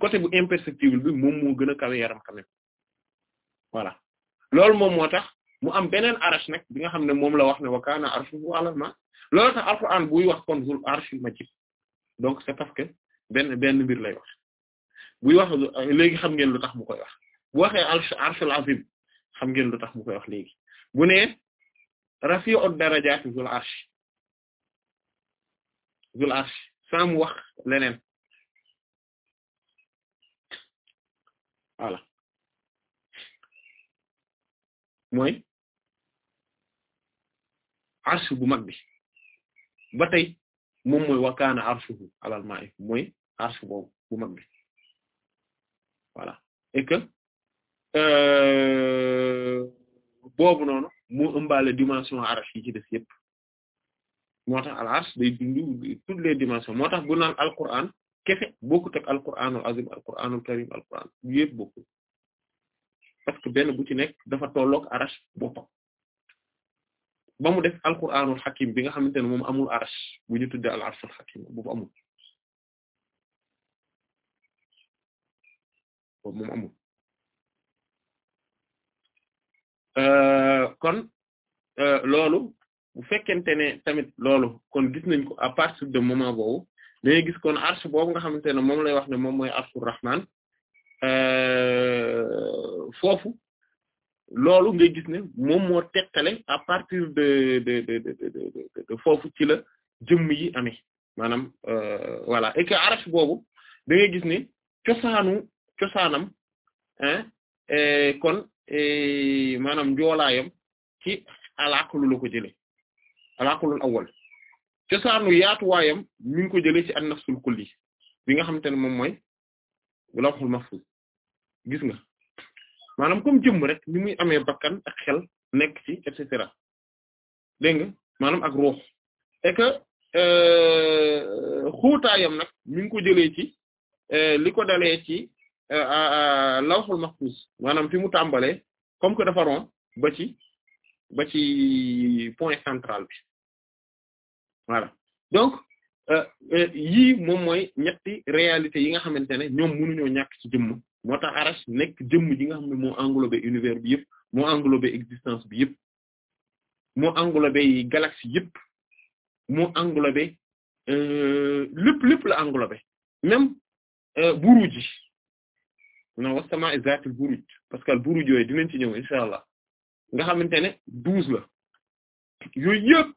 S1: côté bu imperceptible bi moom moo gën a kawe yaram quand même voilà loolu moom moo tax mu am beneen arash nag bi nga xam ne moom la wax ne wa kaana loolu tax alxuraan buy wax kon zul arshil majid donc c'est parce que benn benn mbir lay wax buy wax léegi xam ngeen lu tax mu koy wax bu waxee arshul azim xam ngeen lu tax mu koy wax léegi bu nee rafi'ud darajati zul arsh zul arsh saa wax leneen voilà mooy arsh bu mag bi ba tey moom mooy wakaana arshuhu alal ma'i mooy arshu boobu bu mag bi voilà et que euh, boobu noonu moo ëmbaale dimension arsh yi ci def yëpp moo tax al arsh day dundu toutes les dimensions moo tax bu kefe bokkut ak alquranul azim alquranul karim alquran yëpp bokkul parce que benn bu ci nekk dafa tolloog arsh boppam ba mu def alquranul xakim bi nga xamante ne moom amul arsh bu ñu tuddee al arshul xakim boobu amul boobu moom amul euh, kon euh, loolu bu fekkente ne tamit loolu kon gis nañ ko à partir de moment boobu dañuy gis kon arsh boobu nga xamante ne moom lay wax ne moom mooy arshur rahman euh, foofu loolu nga gis ne moom moo teqale à partir de de de de de foofu ci la jëmm yi amee maanaam euh, voilà et que arsh boobu da ngay gis ne cosaanu cosaanam kon maanaam njoolaayam ci alaakalu la ko jëlee alaakalul awal cosaanu yaatuwaayam mi ngi ko jëlee ci an nafsul kulli bi nga xamante ne moom mooy lawhul mahfuz nga. maanaam comme jëmm rek ni muy amee bakkan ak xel nekk ci et cetera dégg nga maanaam ak ruux et que euh, xuutaayam nag mi ngi ko jëlee ci euh, li ko dalee ci euh, lawhul mahfuz maanaam fi mu tàmbalee comme que dafa rond ba ci ba ci point central bi voilà donc yii moom mooy ñetti réalité yi nga xamante ne ñoom mënuñoo ñàkk ci jëmm moo tax arash nekk jëmm ji nga xam ne moo englobé univers bi yëpp moo englobé existence bi yëpp moo englobé galaxie yëpp moo englobé euh, lépp lépp la englobé même euh, buruj ji non wa buruj parce que buruj yooyu dinañ ci ñëw incha nga xamante ne douze la yooyu yëpp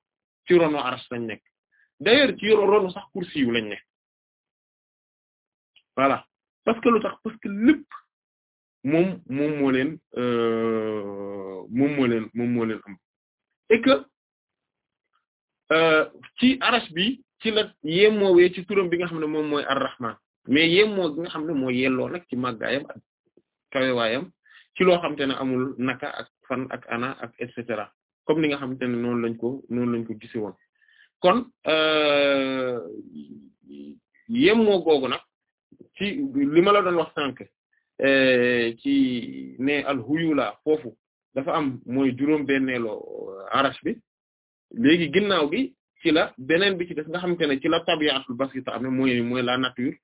S1: ci rono arash lañ nekk d'ailleurs ci ronu sax kursi yu lañ nekk voilà parce que lu tax que lépp moom moom moo leen euh, moom moo leen moom moo am euh, ci arash bi ci la yemmoowee ci turam bi nga xam ne moom mooy ar mais yemmoo bi nga xam ne moo yelloo nag ci màggaayam ak kawewaayam ci loo xam te ne amul naka ak fan ak ana ak et comme ni xam te ne noonu lañ ko noonu lañ ko gise woon kon euh, yemmoo googu nag ci li ma la doon wax sànq eh, ci ne al huyula foofu dafa am mooy juróom-benneeloo eh, arash bi léegi ginnaaw gi ci la beneen bi ci def nga xamante ne ci la tabiatul basita amee mooy mooy la nature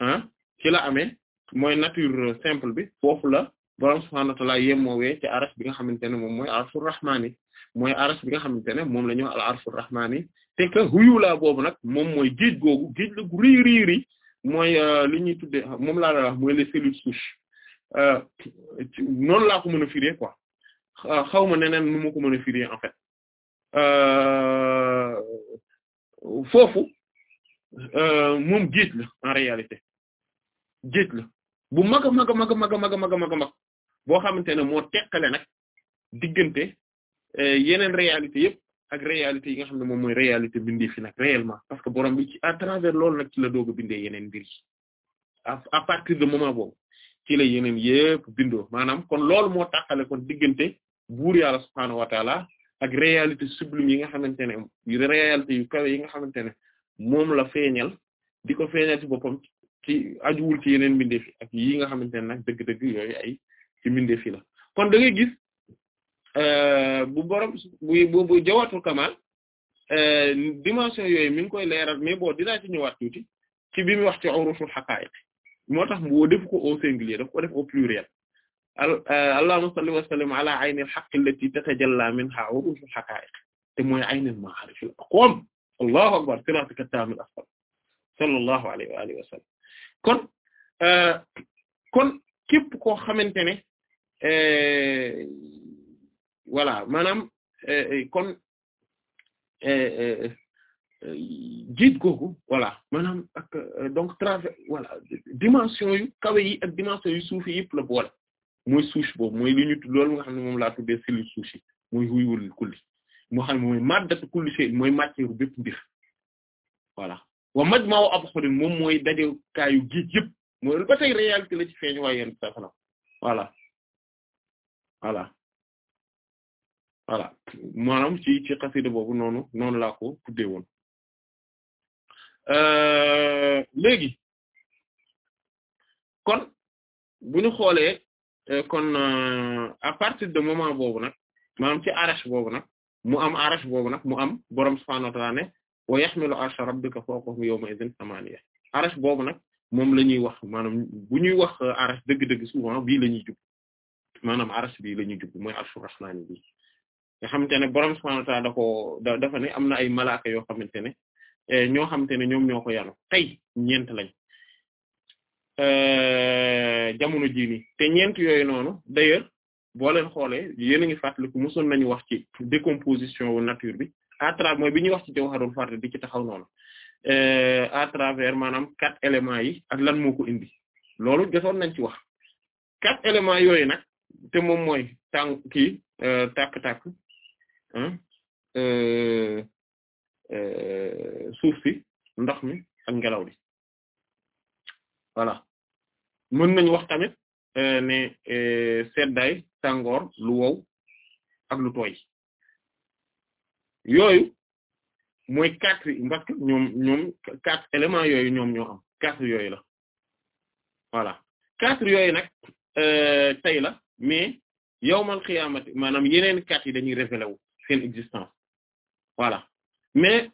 S1: ah ci la amee mooy nature simple bi foofu la borom subhaanahu wa ta'aala yemmoowee bi nga xamante ne moom mooy arshur rahmaani mooy arash bi nga xamante ne moom la ñu al arshur rahmaani te que huyula boobu nag moom mooy géej googu géej la gu rii rii mooy euh, li ñuy tuddee moom laa la wax mooy les cellules souches euh, noonu laa mën a firé quoi euh, xaw ma neneen nu mën a firé en fait foofu moom géej la en réalité géej la bu mag a mag a mag a mag a mag a mag a boo xamante ne moo diggante yeneen réalité yëpp ak réalité yi nga xam ne moom mooy réalité bindee fi nag réellement parce que borom a ci à travers loolu nag ci la doog a bindee à partir de moment boobu ci la yeneen yépp bindoo maanaam kon loolu moo tàqale kon diggante buur yàlla subhaanahu wa ak réalité sublime yi nga xamante ne réalité yu kawe yi nga xamante ne moom la feeñal di ko feeñal ci boppam ci ajuwul ci yeneen mbindeef yi ak yi nga xamante ne nag dëgg-dëgg yooyu ay ci mbindeef yi la kon da ngay Euh, bu borom bu bu bu jawatul kamal euh, dimension yooyu mi koy leeral mais bon dinaa ci ñëwaat tuuti bi mu wax ci urusul haqa'iq moo tax mu def ko au singulier daf ko def au pluriel euh, allahumma salli wa sallim ala aynil haqq allati tatajalla minha urusul haqa'iq te mooy aynil ma'arifil aqwam allahu akbar siratika tamil asfal sallallahu alayhi wa alihi kon kon képp koo xamante ne voilà maanaam euh, euh, kon euh, jiit googu voilà maanaam ak donc travers voilà dimension yu kawe yi ak dimension yu suuf yi yëpp la boole mooy souche boobu mooy li ñu tudd nga xam ne moom laa tuddee cellule souche yi mooy wuyul kulli moo xam ne mooy maddatu kulli shay mooy matière bépp mbir voilà wa majma'u abhurin moom mooy dajekaayu géej yëpp mooy ba réalité la ci feeñ waaye yenn saa voilà voilà voilà maanaam ci ci xasida boobu noonu noonu laa ko tuddee woon euh, léegi kon bu ñu xoolee euh, kon a euh, partir de moment boobu nag maanaam ci arash boobu nag mu am arash boobu nag mu am borom subhaanahu wa ta'aala ne wa yahmilu arsha rabbika fawqahum yawma idhin samaniya arash boobu nag moom la ñuy wax maanaam bu ñuy wax arash dëgg-dëgg souvent bii la ñuy jub maanaam arash bii la ñuy jub moy arshu rahmaani bi nga xamante ne borom subhanahu ko da dafa ne am na ay malaaka yoo xamante ne eh, ñoo xamante ne ñoom ñoo ko yanu tey ñeent lañ eh, jamono jii nii te ñeent yooyu noonu d'ailleurs boo leen xoolee yéen a ngi fàttaliku mosoon nañu wax ci décomposition wu nature bi à travers mooy bi ñuy wax ci jawharul fard di ci taxaw noonu eh, à travers maanaam quatre éléments yi ak lan moo indi loolu jotoon nañ ci wax quatre éléments yooyu nag te moom mooy tàng kii tàkk Euh, euh, suuf si ndox mi ak ngelaw li voilà mën nañ wax tamit euh, ne seddaay tàngoor lu wow ak lu tooy yooyu mooy quatre yi parce que ñoom ñoom quatre éléments yooyu ñoom ñoo am quatre yooyu la voilà quatre yooyu nag tey la mais yawmal xiyaamati maanaam yeneen quatre yi dañuy révélé wu seen existence voilà mais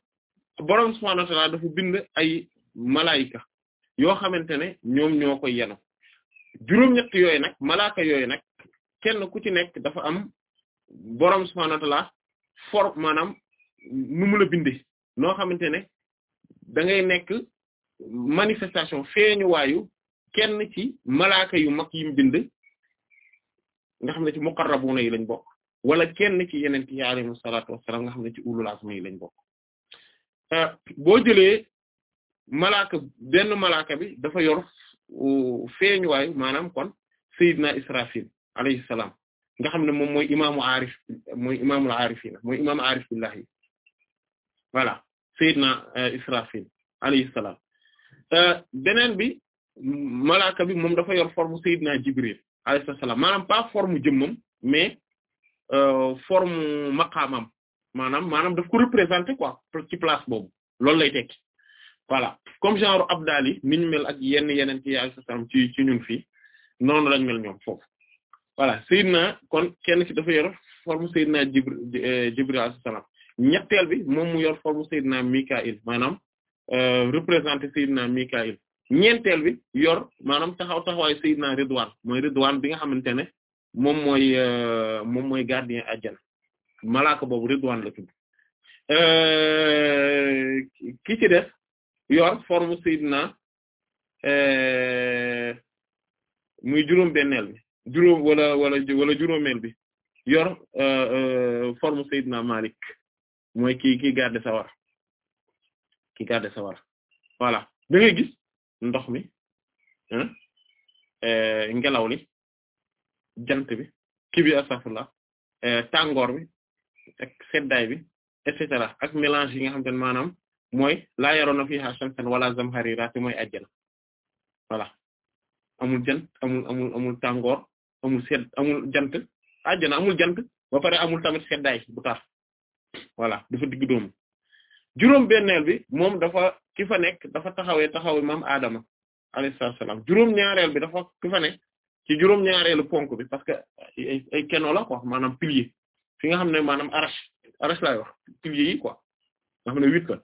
S1: borom subhaanahu wa dafa bind ay malaayika yoo xamante ne ñoom ñoo koy yenu juróom-ñett yooyu nag malaaka yooyu nag kenn ku ci nekk dafa am borom subhaanahu wa ta'aala for maanaam nu mu la bindee noo xamante ne da nekk manifestation feeñuwaayu kenn ci malaaka yu mag yim bind nga xam ne ci muqarrabuna yi lañ bokk wala kenn ci yeneen yi alayhimu salaatu wassalaam nga xam ne ci ulul lañ bokk euh, jëlee malaaka benn bi dafa yor feeñuwaayu maanaam kon Seydina Israfil nga xam ne moom mooy imaamu aarif mooy imaamul aarifina mooy imaamu aarif billahi voilà Seydina euh, Israfil alayhi salaam euh, beneen bi malaaka bi moom dafa yor forme Seydina Jibril alayhi salaam maanaam pas forme Euh, forme maqaamam maanaam maanaam daf ko représenter quoi ci place boobu loolu lay tekki voilà comme genre abdali niñ mel ak yenn yeneen ci yàlla sallam ci ci fii noonu lañ mel ñoom foofu voilà Seydina kon kenn ci dafa yor forme Seydina Jibril euh, Jibril salaam ñetteel bi moom mu yor forme Seydina Mikail maanaam euh, représenter Seydina Mikail ñeenteel bi yor maanaam taxaw taxawaayu Seydina Ridwan mooy Ridwan bi nga xamante ne moom mooy euh, moom mooy gardien àjjana malaaka boobu Ridwaan la tudd euh, ki ci def yor forme Seydina euh, muy juróom benneel bi juróom wala wala wala juróomeel bi yor forme Seydina Malik mooy ki ki garde sawar ki garde sawar voilà da ngay gis ndox mi ngelaw li jant bi kii bi astafurlah eh, tàngoor bi ak seddaay bi et cetera ak mélange yi nga xamante ne maanaam mooy laa yaroona fiha shamsan wala zamharira te mooy ajjana voilà amul jant amul tàngoor amul sedd amul jant ajjana amul jant ba pare amul tamit seddaay bu tar voilà dafa digg juróom benneel bi moom dafa ki fa nekk dafa taxawee taxawee maam Adama alayhi salaam juróom ñaareel bi dafa ki ci juróom ñaareelu ponk bi parce que ay ay keno la quoi maanaam pilier fi nga xam ne maanaam arrache arrache laay wax pilier yi quoi nga xam ne huit la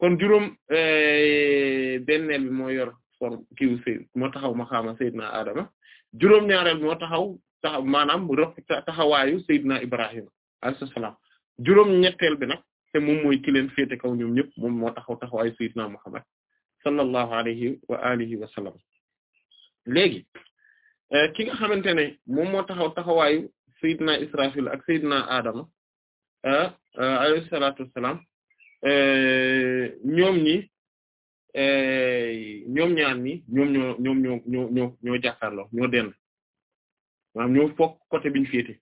S1: kon juróom eh, benneel bi moo yor forme kiiw sëy moo taxaw ma xaama Seydina Adama juróom ñaareel bi moo taxaw taxaw maanaam rok taxawaayu Seydina Ibrahima alayhi salaam juróom ñetteel bi na te moom mooy ki leen kaw ñoom ñëpp moom moo taxaw taxawaayu Seydina Muhammad sallallahu alayhi wa alihi wa sallam léegi Eh, ki nga xamante ne moom moo taxaw taxawaayu Seydina Israfil ak Seydina Adama eh, eh, alayhi salaatu wassalaam ñoom ñi ñoom ñaan ñi ñoom ñoo ñoom ñoo ñoo ñoo ñoo jàkkaarloo ñoo dend maanaam ñoo fokk côté biñu féete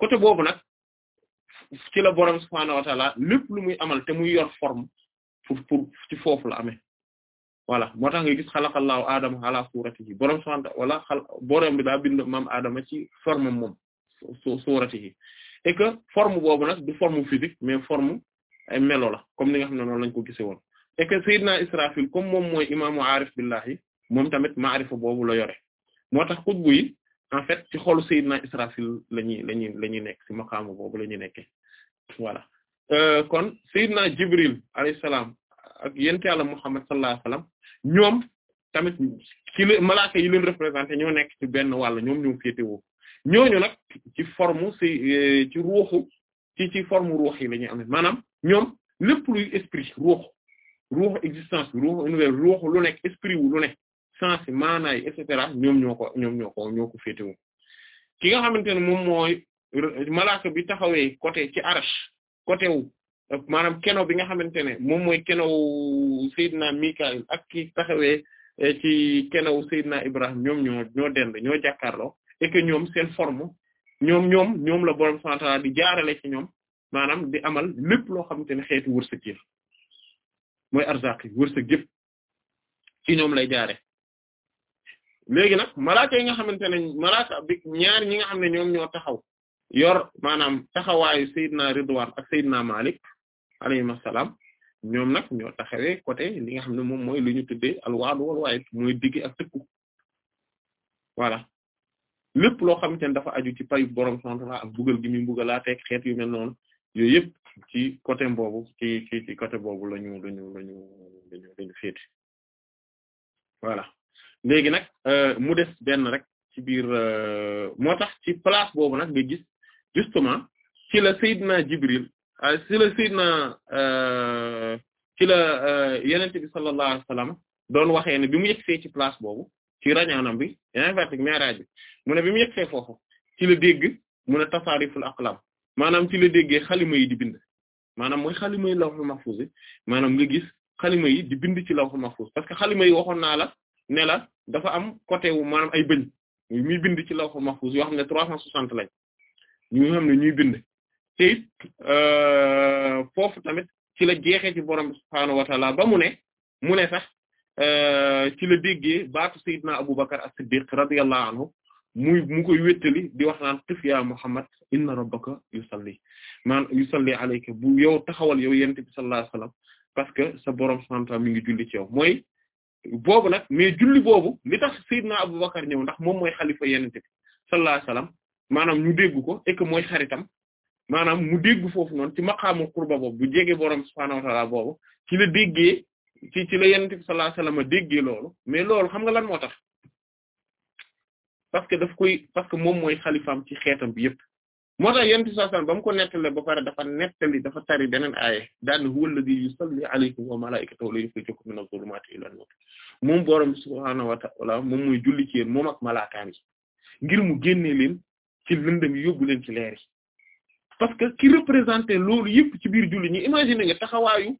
S1: côté boobu nag ci la ta'ala lépp lu muy amal te muy yor forme pour pour ci foofu la amee voilà moo tax nga gis xalaqallaahu aadama ala bo borom subhanahu wala xal borom bi daa bind maam aadama ci forme moom su suratihi et que forme boobu nag du forme physique mais forme ay melo la comme ni nga xam ne noonu lañ ko gisee woon et que Israfil comme moom mooy imaamu aarif billahi moom tamit maarifa boobu la yore moo tax xutbu yi en fait ci xolu Seydina Israfil la ñuy la ñuy la ñuy nekk ci maqaamu boobu la ñuy nekkee voilà euh, kon Seydina Jibril alayhi salaam ak yent yàlla Muhammad sallallahu alayhi wasallam ñoom tamit ci la malaaka yi leen représenté ñoo nekk ci benn wàll ñoom ñoo féetewoo ñooñu nag ci forme ci euh, ci ruuxu ci ci forme ruux yi la ñuy amee maanaam ñoom lépp esprit ruux ruux existence bi ruux univers ruux lu nekk esprit wu lu nekk sens maanaay et cetera ñoom ñoo ko ñoom ñoo ko ñoo ko féetewoo ki nga xamante ne moom mooy malaaka bi taxawee côté ci arache côté wu maanaam keno bi nga xamante ne moom mooy kenow Seydina Mikaël ak ki taxawee eh, ci kenow Seydina Ibrahim ñoom ñoo ñoo dend ñoo jàkkaarloo et ñoom seen forme ñoom ñoom ñoom la borom subhaanahu wa ta'aala di jaarale ci ñoom maanaam di amal lépp loo xamante ne xeetu wërsëg yi mooy arzaq yi ci ñoom lay jaare léegi nag malaaka yi nga xamante ne malaaka bi ñaar ñi nga xam ne ñoom ñoo taxaw yor maanaam taxawaayu Seydina Ridwaan ak Seydina Malik alayhim assalaam ñoom nag ñoo taxawee côté li nga xam ne moom mooy lu ñu tuddee alwaadu wal waayit mooy digg ak tëkku voilà lépp loo xamante ne dafa aju ci payu borom sontra ak bugal gi muy bugalaateeg xeet yu mel noonu yooyu yëpp ci côté boobu ci ci ci côté boobu la ñu la ñu la ñu lañu la ñu voilà léegi nag euh, mu des benn rek ci biir euh, moo tax ci place boobu nag nga gis justement ci la Seydina Jibril Euh, si la sidna euh, ci la euh, yenente bi sallallahu alayhi wasallam doon waxee ne bi mu yegsee ci place boobu ci rañaanam bi yaa vertig mi'raj bi mu ne bi mu yegsee foofu ci la dégg mu ne tasaariful aqlam maanaam ci la déggee xalima yi di bind maanaam mooy xalima yi lawhul mahfuz maanaam nga gis xalima yi di bind ci lawhul mahfuz parce que xalima yi waxoon naa la ne la dafa am côté wu maanaam ay bëñ muy bind ci lawhul mahfuz yoo xam ne trois cent soixante lañ ñu xam ñuy bind te it euh, tamit ci la jeexee ci borom bi subhaanahu ba mu ne mu ne sax euh, ci la déggee baatu Seydina Aboubacar as-Siddiq radiyallahu anhu muy mu koy wéttali di wax naan qif ya Muhammad inna rabbaka yusalli man yusalli alayka bu yow taxawal yow yent bi sallallahu parce que sa borom subhaanahu mi ngi julli ci yow mooy boobu nag mais julli boobu li tax Seydina Aboubacar ñëw ndax moom mooy xalifa yent bi sallallahu alayhi maanaam ñu dégg ko et que xaritam maanaam mu dégg foofu noonu ci ma qurba boobu bu jege borom subhaanahu wa ta'aala boobu ci la déggee ci ci la yonent bi sallallahu déggee loolu mais loolu xam nga lan moo tax parce que daf koy parce que moom mooy xalifaam ci xeetam bi moo tax yonent bi sallallahu ko nettalee ba pare dafa nettali dafa tari beneen aaye daan huwa alladhi yusalli alaykum wa malaa'ikatuhu la yukhrijukum mina dhulumati julli ci moom ak malaakaam ngir mu génnee leen ci lëndëm yóbbu leen ci leer parce que ki représenté loolu yëpp ci biir jullit ñi imaginer nga taxawaayu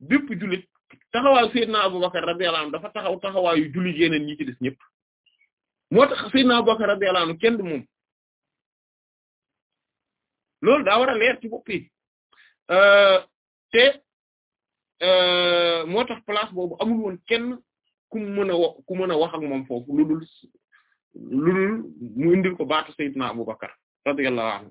S1: bépp jullit taxawaayu Seydina Abubakar radiyallahu anhu dafa taxaw taxawaayu jullit yeneen ñi ci des ñëpp moo tax Seydina Abubakar radiyallahu anhu kenn du moom loolu daa war a leer ci bopp yi euh, te euh, moo tax place boobu amul woon kenn ku mën a ku mën a wax ak moom foofu lu dul lu dul mu indil ko baatu Seydina Abubakar radiyallahu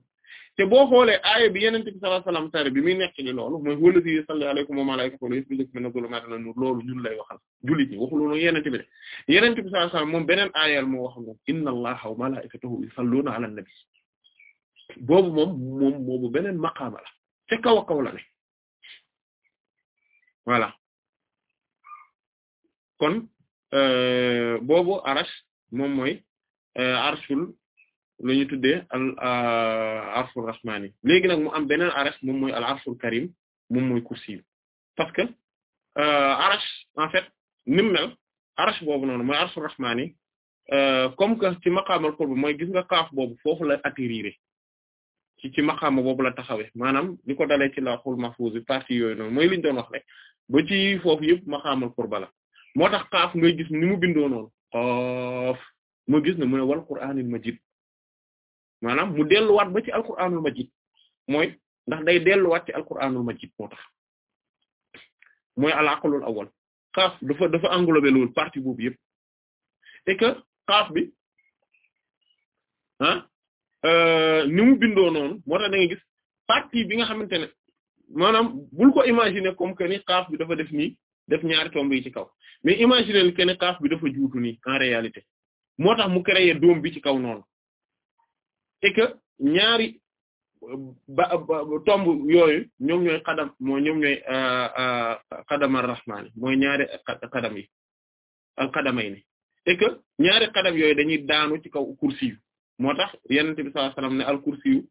S1: te boo xoolee aaya bi yenente bi sallallahu alayhi bi muy nekk ni loolu mooy wëlasi sallallahu alaykum wa malaikatahu yusbihuna zulumatin loolu ñun lay waxal jullit ñi waxul woon yenente bi de yenente bi sallallahu alayhi moom beneen aayal mo wax moom inna allaha wa malaikatahu yusalluna ala nabi boobu moom moom boobu beneen maqaama la kaw a kaw la ne kon euh, boobu arash moom mooy euh, arshul la ñu tuddee al euh, arshur rahmaani léegi nag mu am beneen arsh moom mooy al arshul karim moom mooy kursi parce que euh, arsh en fait ni mu mel arsh boobu noonu mooy arshur rahmaani euh, comme que ci maqaamal qurb mooy gis nga kaaf boobu foofu la atterrir ci ci maqaama boobu la taxawee maanaam li ko dalee ci lawhul mahfuz bi partie yooyu noonu mooy liñ doon wax rek ba ci foofu yëpp maqaamal qurba la moo tax kaaf ngay gis ni mu bindoo noonu xoof gis ne mu ne wal qur'aanil majiid maanaam mu delluwaat ba ci alquranul majid mooy ndax day delluwaat ci alquranul majid moo tax mooy al aqlul awwal xaaf dafa dafa englober loolu partie boobu yëpp et que xaaf bi ah euh, ni mu bindoo noonu moo tax da nga gis partie bi nga xamante ne maanaam bul ko imaginer comme que ni xaaf bi dafa def ni def ñaari tomb yi ci kaw mais imaginer que ni xaaf bi dafa juutu nii en réalité moo tax mu créer doom bi ci kaw noonu et que ñaari tomb yooyu ñoom ñooy xadam mooy ñoom ñooy euh, euh, xadam ar-rahmaani mooy ñaari xadam yi al xadamayni et ñaari xadam yooyu dañuy daanu ci kaw kursi yu moo tax yonent bi sallallahu alayhi wasallam ne al kursi yu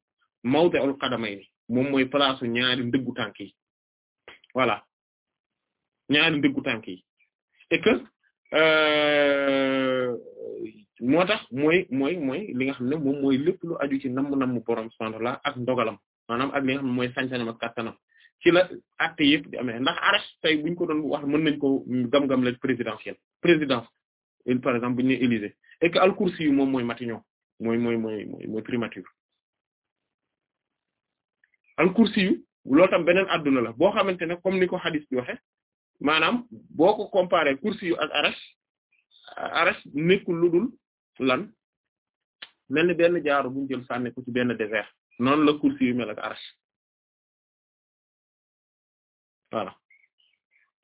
S1: mawdi'ul xadamayni moom mooy place ñaari ndëggu tànk yi ñaari ndëggu tànk yi et euh, moo tax mooy mooy mooy li nga xam ne moom mooy lépp lu aju ci namm namm mu subhanahu wa la ak ndogalam maanaam ak li nga xam ne mooy sañ-sañam ak kàttanam ci la acte yëpp di amee ndax arrêté tey buñ ko doon wax mën nañ ko gam-gam la présidentielle présidence par exemple bu ñu nee Élysée et que al kursi yu moom mooy Matignon mooy mooy mooy mooy mooy primature al kursi yu loolu tam beneen adduna la boo xamante ne comme ni ko hadith bi waxe maanaam boo ko comparé kursi yu ak arsh arsh lu dul lan mel ni benn jaaro buñu jël sànni ko ci benn désert noonu la kursi yu mel ak arsh voilà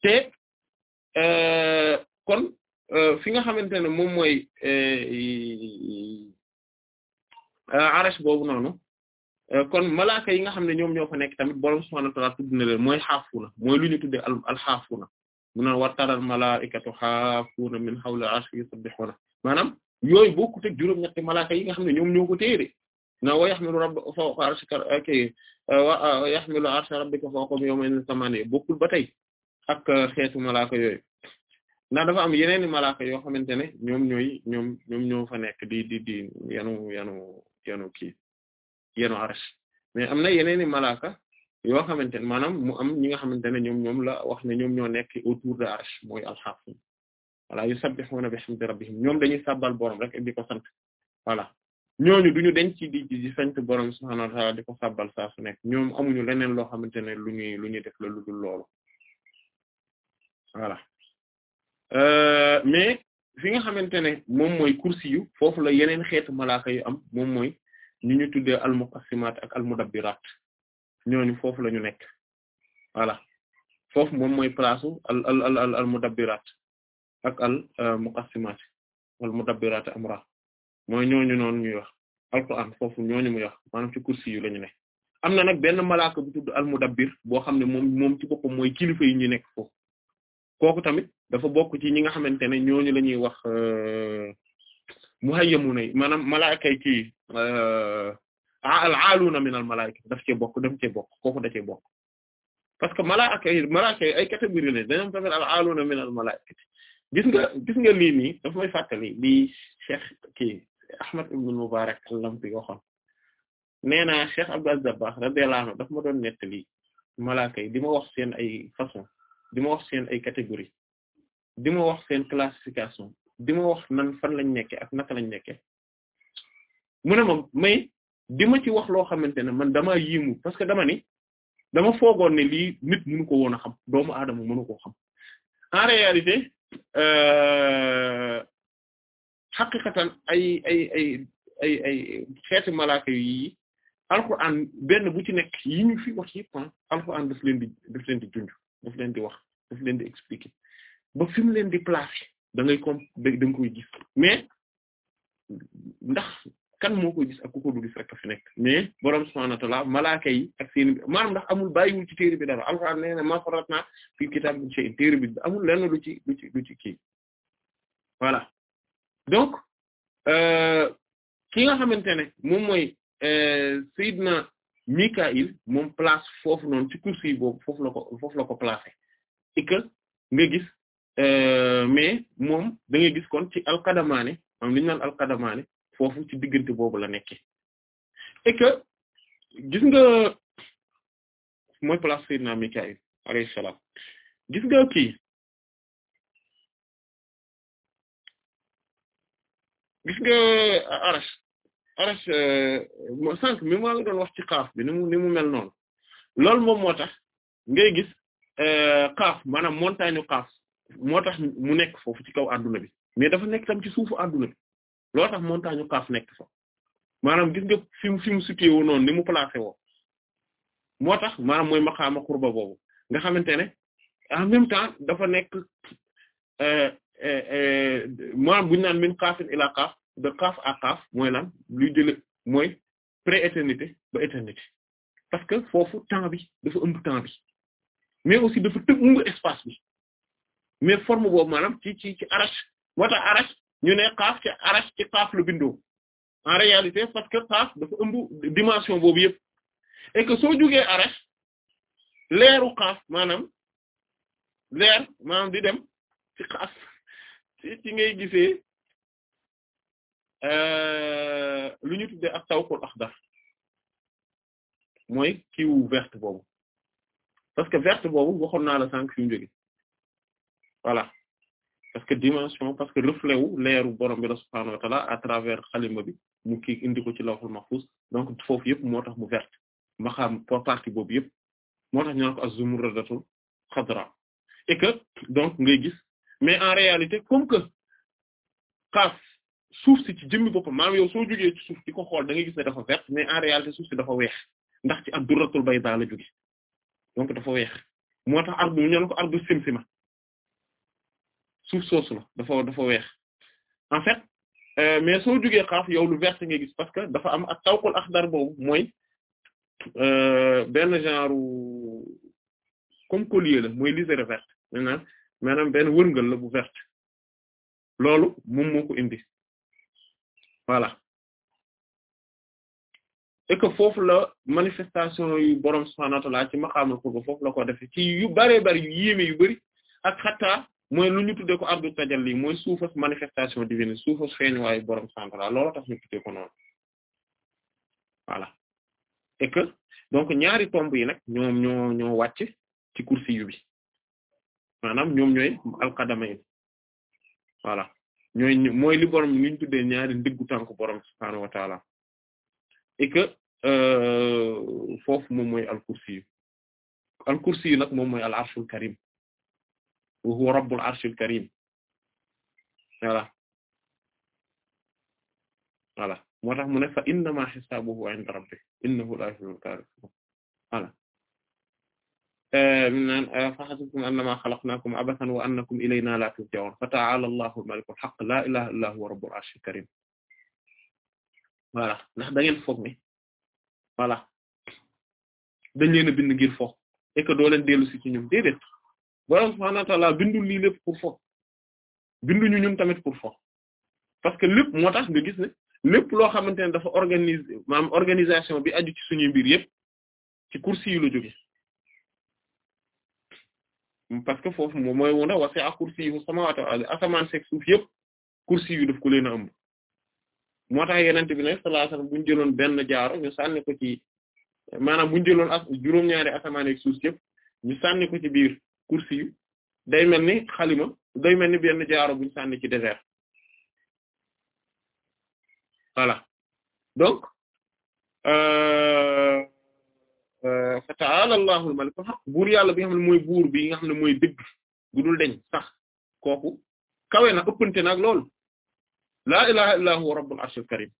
S1: te euh, kon euh, fi nga xamante ne moom mooy euh, arsh boobu noonu kon malaaka yi nga xam ne ñoom ñoo fa nekk tamit borom subhaanahu na leen mooy xaafuuna mooy lu ñu tuddee al al xaafuuna mu ne war taral malaa'ikatu xaafuuna min hawli arsh yusabbihuuna maanaam yooyu bokkut ak juróom-ñetti malaaka yi nga xam ne ñoom ñoo ko téere na wa yaxmilu rabb fawqa arshika kay wa yaxmilu arsha rabbika fawqahum yawma samaniya bokkul ba tey ak uh, xeetu malaaka yooyu ndax dafa am yeneen i malaaka yoo xamante ne ñoom ñooy ñoom ñoom ñoo fa nekk di di di yanu yanu yanu kii yanu arsh mais am na yeneen i malaaka yoo xamante ne maanaam mu am ñi nga xamante ne ñoom ñoom la wax ne ñoom ñoo nekk autour de arsh mooy alxaf voilà yusabbihuna bihamdi rabbihim ñoom dañuy sabbal borom rek di ko sant voilà ñooñu duñu denc ci di di sant borom ko sabbal saa su nekk ñoom amuñu leneen loo xamante ne lu ñuy lu ñuy def la lu dul loolu voilà euh, mais fi nga xamante ne moom mooy foofu la yeneen xeetu malaaka yu am moom mooy ñu ñu tuddee almuqassimaat ak almudabbiraat ñooñu foofu la nekk voilà foofu moom mooy place ak al euh, muqassimaat wal mudabbiraat amra mooy ñooñu noonu ñuy wax alquran foofu ñooñu muy wax maanaam ci kursi yu la ñu ne am na nag benn malaaka bu tudd al mudabbir boo xam ne moom moom ci boppam mooy kilifa yi ñu nekk foofu kooku tamit dafa bokk ci ñi nga xamante ne ñooñu la ñuy wax euh, muhayyamuna yi maanaam malaakay ci euh, al aaluna min al malaaka daf cee bokk daf cee kooku da bokk parce gis nga gis nga lii nii daf may fàttali bi cheikh kii Ahmad ibn Mubarak al-Lamti waxoon nee naa cheikh Abdou baax zabbah radiyallahu anhu daf ma doon nettali malaaka yi di ma wax seen ay façon di ma wax seen ay catégorie di ma wax seen classification di ma wax nan fan lañ nekke ak naka lañ nekke mu ne ma may di ma ci wax loo xamante ne man dama yiimu parce que dama ni dama foogoon ne lii nit mënu ko woon a xam doomu aadama mënu koo xam en réalité xaqiqatan euh, ay ay ay ay ay xeeti malaaka yi alquran benn bu ci nekk yi ñu fi wax yëpp ah alquran daf leen di daf leen di junj daf leen di wax daf leen di expliquer ba fi mu leen di placer da ngay comme da koy gis mais ndax kan moo ko gis ak ku ko du gis rek fi nekk mais borom subhaanahu wa ta'aala malaaka yi ak seen maanaam ndax amul bàyyiwul na ma faratna fil kitaab min shay téere bi amul lenn lu ci lu ci lu ci kii voilà donc euh, ki nga xamante ne moom mooy euh, Seydina Mikaïl moom place foofu noonu ci kursi yi boobu foofu la ko foofu la ko placé et que euh, mais moom da nga gis kon ci alqadamaane moom li ñu naan alqadamaane foofu ci diggante boobu la nekke et gis nga mooy place Seydina Mikaël alayhi salaam gis nga kii gis euh, arash arash euh, sànq mi maa ngi doon wax ci xaaf bi ni mu ni mu mel noonu loolu moom moo tax ngay gis euh, xaaf maanaam montagne xaaf moo tax mu nekk foofu ci kaw adduna bi mais dafa nekk tam ci suufu adduna bi loo tax montagne kaaf nekk fa maanaam gis nga fi mu fi noonu ni mu placé wo moo tax maanaam mooy maqaama xurba boobu nga xamante ne en même temps dafa nekk euh, euh, euh, maanaam bu ñu naan min kaafin ila kaaf de kaaf à kaaf mooy lan luy jële mooy pré-éternité ba éternité parce que foofu temps bi dafa ëmb temps bi mais aussi dafa tëb ëmb espace bi mais forme boobu maanaam ci ci ci moo tax arache ñu ne xaaf ci arash ci la bindoo en réalité parce que xaaf dafa ëmb dimension boobu yëpp et que soo jugee leeru xaaf maanaam leer maanaam di dem ci xaaf ci ci ngay gisee euh, lu ñu tuddee ak tawqul axdar mooy kiiwu verte boobu parce que verte boobu waxoon naa la sànq fi mu jóge parce que dimension parce que reflet wu leeru boro bi la subhaanahu wa ta'ala travers xalima bi mu kii indi ko ci lawhul mahfuz donc foofu yëpp moo tax mu verte ma xam partie boobu yëpp moo tax ñu naan ko az donc ngay gis mais en réalité comme que xaaf suuf si ci jëmmi boppam maanaam yow soo jógee suuf di ko xool da ngay gis ne dafa verte mais en réalité suuf si dafa weex ndax ci ad-durratul bayda la jóge donc dafa weex moo tax ardu ñu naan ko suuf soosu la dafa weex en fait euh, mais soo jugee xaaf yow lu vert nga gis parce que dafa am ak tawkul axdar boobu mooy euh, benn genre comme collier la mooy liséré vert maanaam maanaam benn wërngal la bu vert loolu moom moo indi voilà et que la manifestation yu boroom subhaanahu wa ta'aala ci maqaamul qurba foofu la ko defee ci yu baree bari yu yéeme yu bari ak xataa mooy lu ñu tuddee ko ardu tajalli mooy suufas manifestation divine suufas feeñuwaayu borom central loolu tax ñu tuddee ko noonu voilà et donc ñaari tomb yi nag ñoom ñoo ñoo wàcc ci kursi yu bi maanaam ñoom ñooy alqadamayn voilà ñooy mooy li borom li tuddee ñaari ndiggu tànk borom subhaanahu wa taala et euh, moom mooy al kursi yu al yu nag moom mooy al arshul karim wa huwa rabbul arshil karim voilà voilà moo tax mu ne fa innama hisabuhu inda rabbi innahu la yuhlul kafirun voilà min naan fa hasibtum annama khalaqnakum abathan wa annakum ilayna la turja'un fa ta'ala allahul malikul haqq la ilaha illa huwa rabbul arshil karim voilà ndax da ngeen foog ne voilà dañ leen a bind ngir foog et si ci ñoom déedéet borom subhaanahu wa ta'aala bindul lii lépp pour fo binduñu ñun tamit pour fo parce que lépp moo tax nga gis ne lépp loo xamante ne dafa organiser maanaam organisation bi aju ci suñuy mbir yépp ci kursi yu la jóge parce que foofu moom mooy wona wasi'a kursiyuhu samaawaati wal ardi asamaan seeg suuf yépp kursi yu daf ko leen a ëmb moo tax yeneen bi nag sallallahu alayhi wasallam bu jëloon benn jaaro ñu sànni ko ci maanaam bu jëloon juróom-ñaari asamaan ak suuf yépp ñu sànni ko ci biir kursi yu day mel ni xalima day mel ni benn jaaro buñ sànni ci désert voilà donc euh, euh, fa ta'ala allahul malikul haq buur yàlla bi nga xam ne mooy buur bi nga xam ne mooy dëgg bu dul deñ sax kooku kawe na ëppante nag loolu laa ilaha illa huwa rabbul arshil karim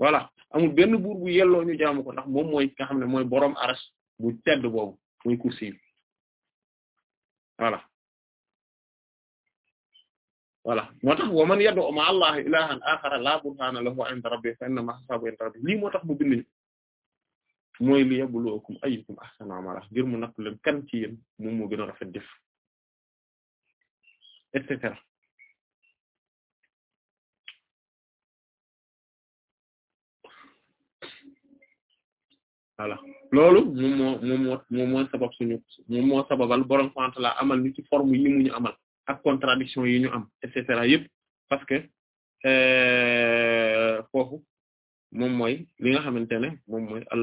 S1: voilà amul benn buur bu yelloo ñu jaamu ko ndax moom mooy nga xam ne mooy boroom aras bu tedd boobu mooy kursi voilà voilà moo tax wa man yad'u ma'a allahi ilahan akhara la burhana lahu 'inda rabbih fa innama hisabuhu 'inda rabbih lii moo tax mu bind ñu mooy li yabluwakum ayyukum ahsanu amala ngir mu natt leen kan ci yéen moom moo gën a rafet et cetera voilà loolu moom moo moom moo moom moo sabab suñu moom moo sababal borom xamante amal ni ci forme yi mu ñu amal ak contradiction yi ñu am et cetera yëpp parce que euh, foofu moom mooy li nga xamante ne moom mooy al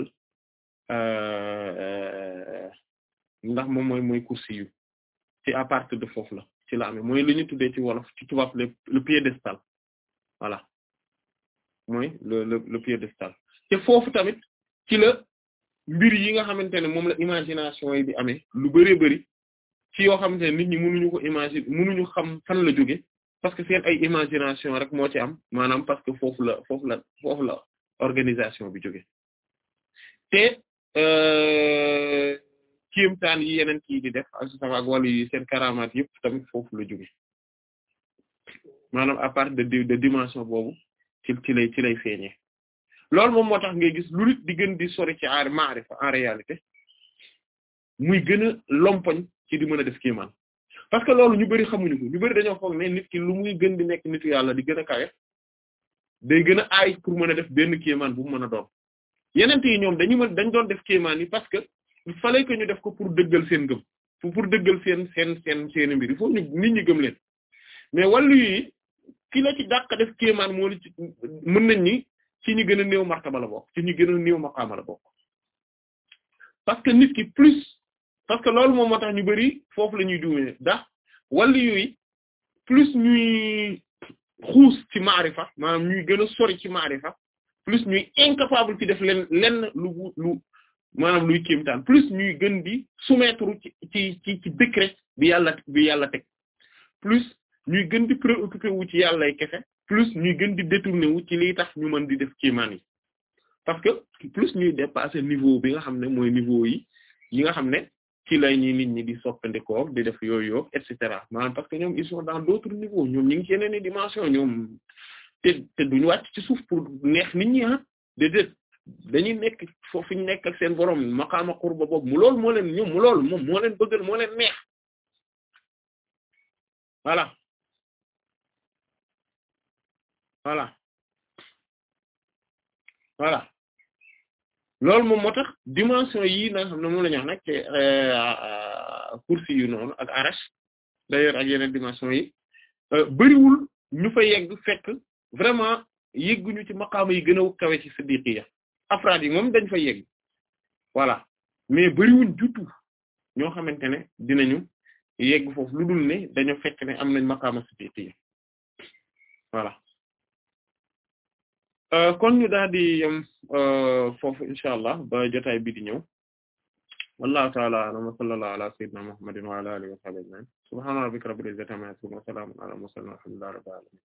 S1: euh, ndax moom mooy mooy kursi yu ci à partir de foofu la ci la am mooy li ñu tuddee ci wolof ci tubaab le le piédestal voilà le le le piédestal te foofu tamit ci la mbir yi nga xamante ne moom la imagination yi di amee lu bëree bëri ci yoo xamante ne nit ñi mënuñu ko imaginer mënuñu xam fan la jóge parce que seen ay imagination rek moo ci am maanaam parce que foofu la foofu la foofu la organisation bi jóge te euh, kéemtaan yi yeneen kii di def ak sama ak wàllu yi seen karamaat yëpp tamit foofu la jóge maanaam à part de de dimension boobu ci ci lay ci lay feeñee loolu moom moo tax ngay gis lu nit di gën di sori ci ar maarifa en réalité muy gën a lompoñ ci di mën a def kéemaan parce que loolu ñu bari xamuñu ko ñu bari dañoo foog ne nit ki lu muy gën di nekk nitu yàlla di gën a kawe day gën a aay pour mën a def benn kéemaan bu mu mën a doon yeneen yi ñoom dañu mën dañ doon def kéemaan yi parce que il fallait que ñu def ko pour dëggal seen gëm pour dëggal seen seen seen seen mbir il faut ñu nit ñi gëm leen mais wàllu yi ki la mën nañ ni ci ñu gën a néew martaba la bokk ci ñu gën a néew maqaama la bokk parce que nit ki plus parce que loolu moom moo tax ñu bari foofu la ñuy duwee ndax wàllu yooyu plus ñuy xuus ci maarifa maanaam ñuy gën a sori ci maarifa plus ñuy incapable ci def lenn lu lu maanaam luy kéemtaan plus ñuy gën di soumettre ci ci ci ci bi yàlla yàlla teg plus ñuy gën di préoccupé wu ci yàllay kese plus ñuy gën di détourné ci liy tax ñu mën di def kéemaan yi parce que plus ñuy dépasser niveau bi nga xam ne mooy niveau yi yi nga xam ne ci lay ñi nit ñi di soppandikoo di def yooyu yoog et cetera maanaam parce que ñoom ils sont dans d'autres niveaux ñoom ñi ngi ci yeneen dimension ñoom te te duñu wàcc ci suuf pour neex nit ñi ah déedéet dañuy nekk foofu ñu nekk ak seen borom maqaama qurba ba mu loolu moo leen ñoom mu loolu moom moo leen bëggal moo leen neex voilà voilà voilà loolu moom moo tax dimension yii na xam ne moom la ñu wax nag euh, euh, ci kursi yu noonu ak arash d'ailleurs ak yeneen dimension yi euh, bëriwul ñu fa yegg fekk vraiment yegguñu ci maqaama yi gën a kawe ci siddiqiya afraad yi moom dañ fa yegg voilà mais bëriwuñ jutu ñoo xamante ne dinañu yegg foofu lu dul dañoo fekk ne am nañ maqaama siddiqiya voilà Euh, kon ñu daal di yem euh, foofu allah ba jotaay bi di ta'ala a'lam wa ala sayyidina muhammadin wa ala alihi wa sahbihi ajma'in subhana rabbika rabbil izzati amma yasifun wa salamun ala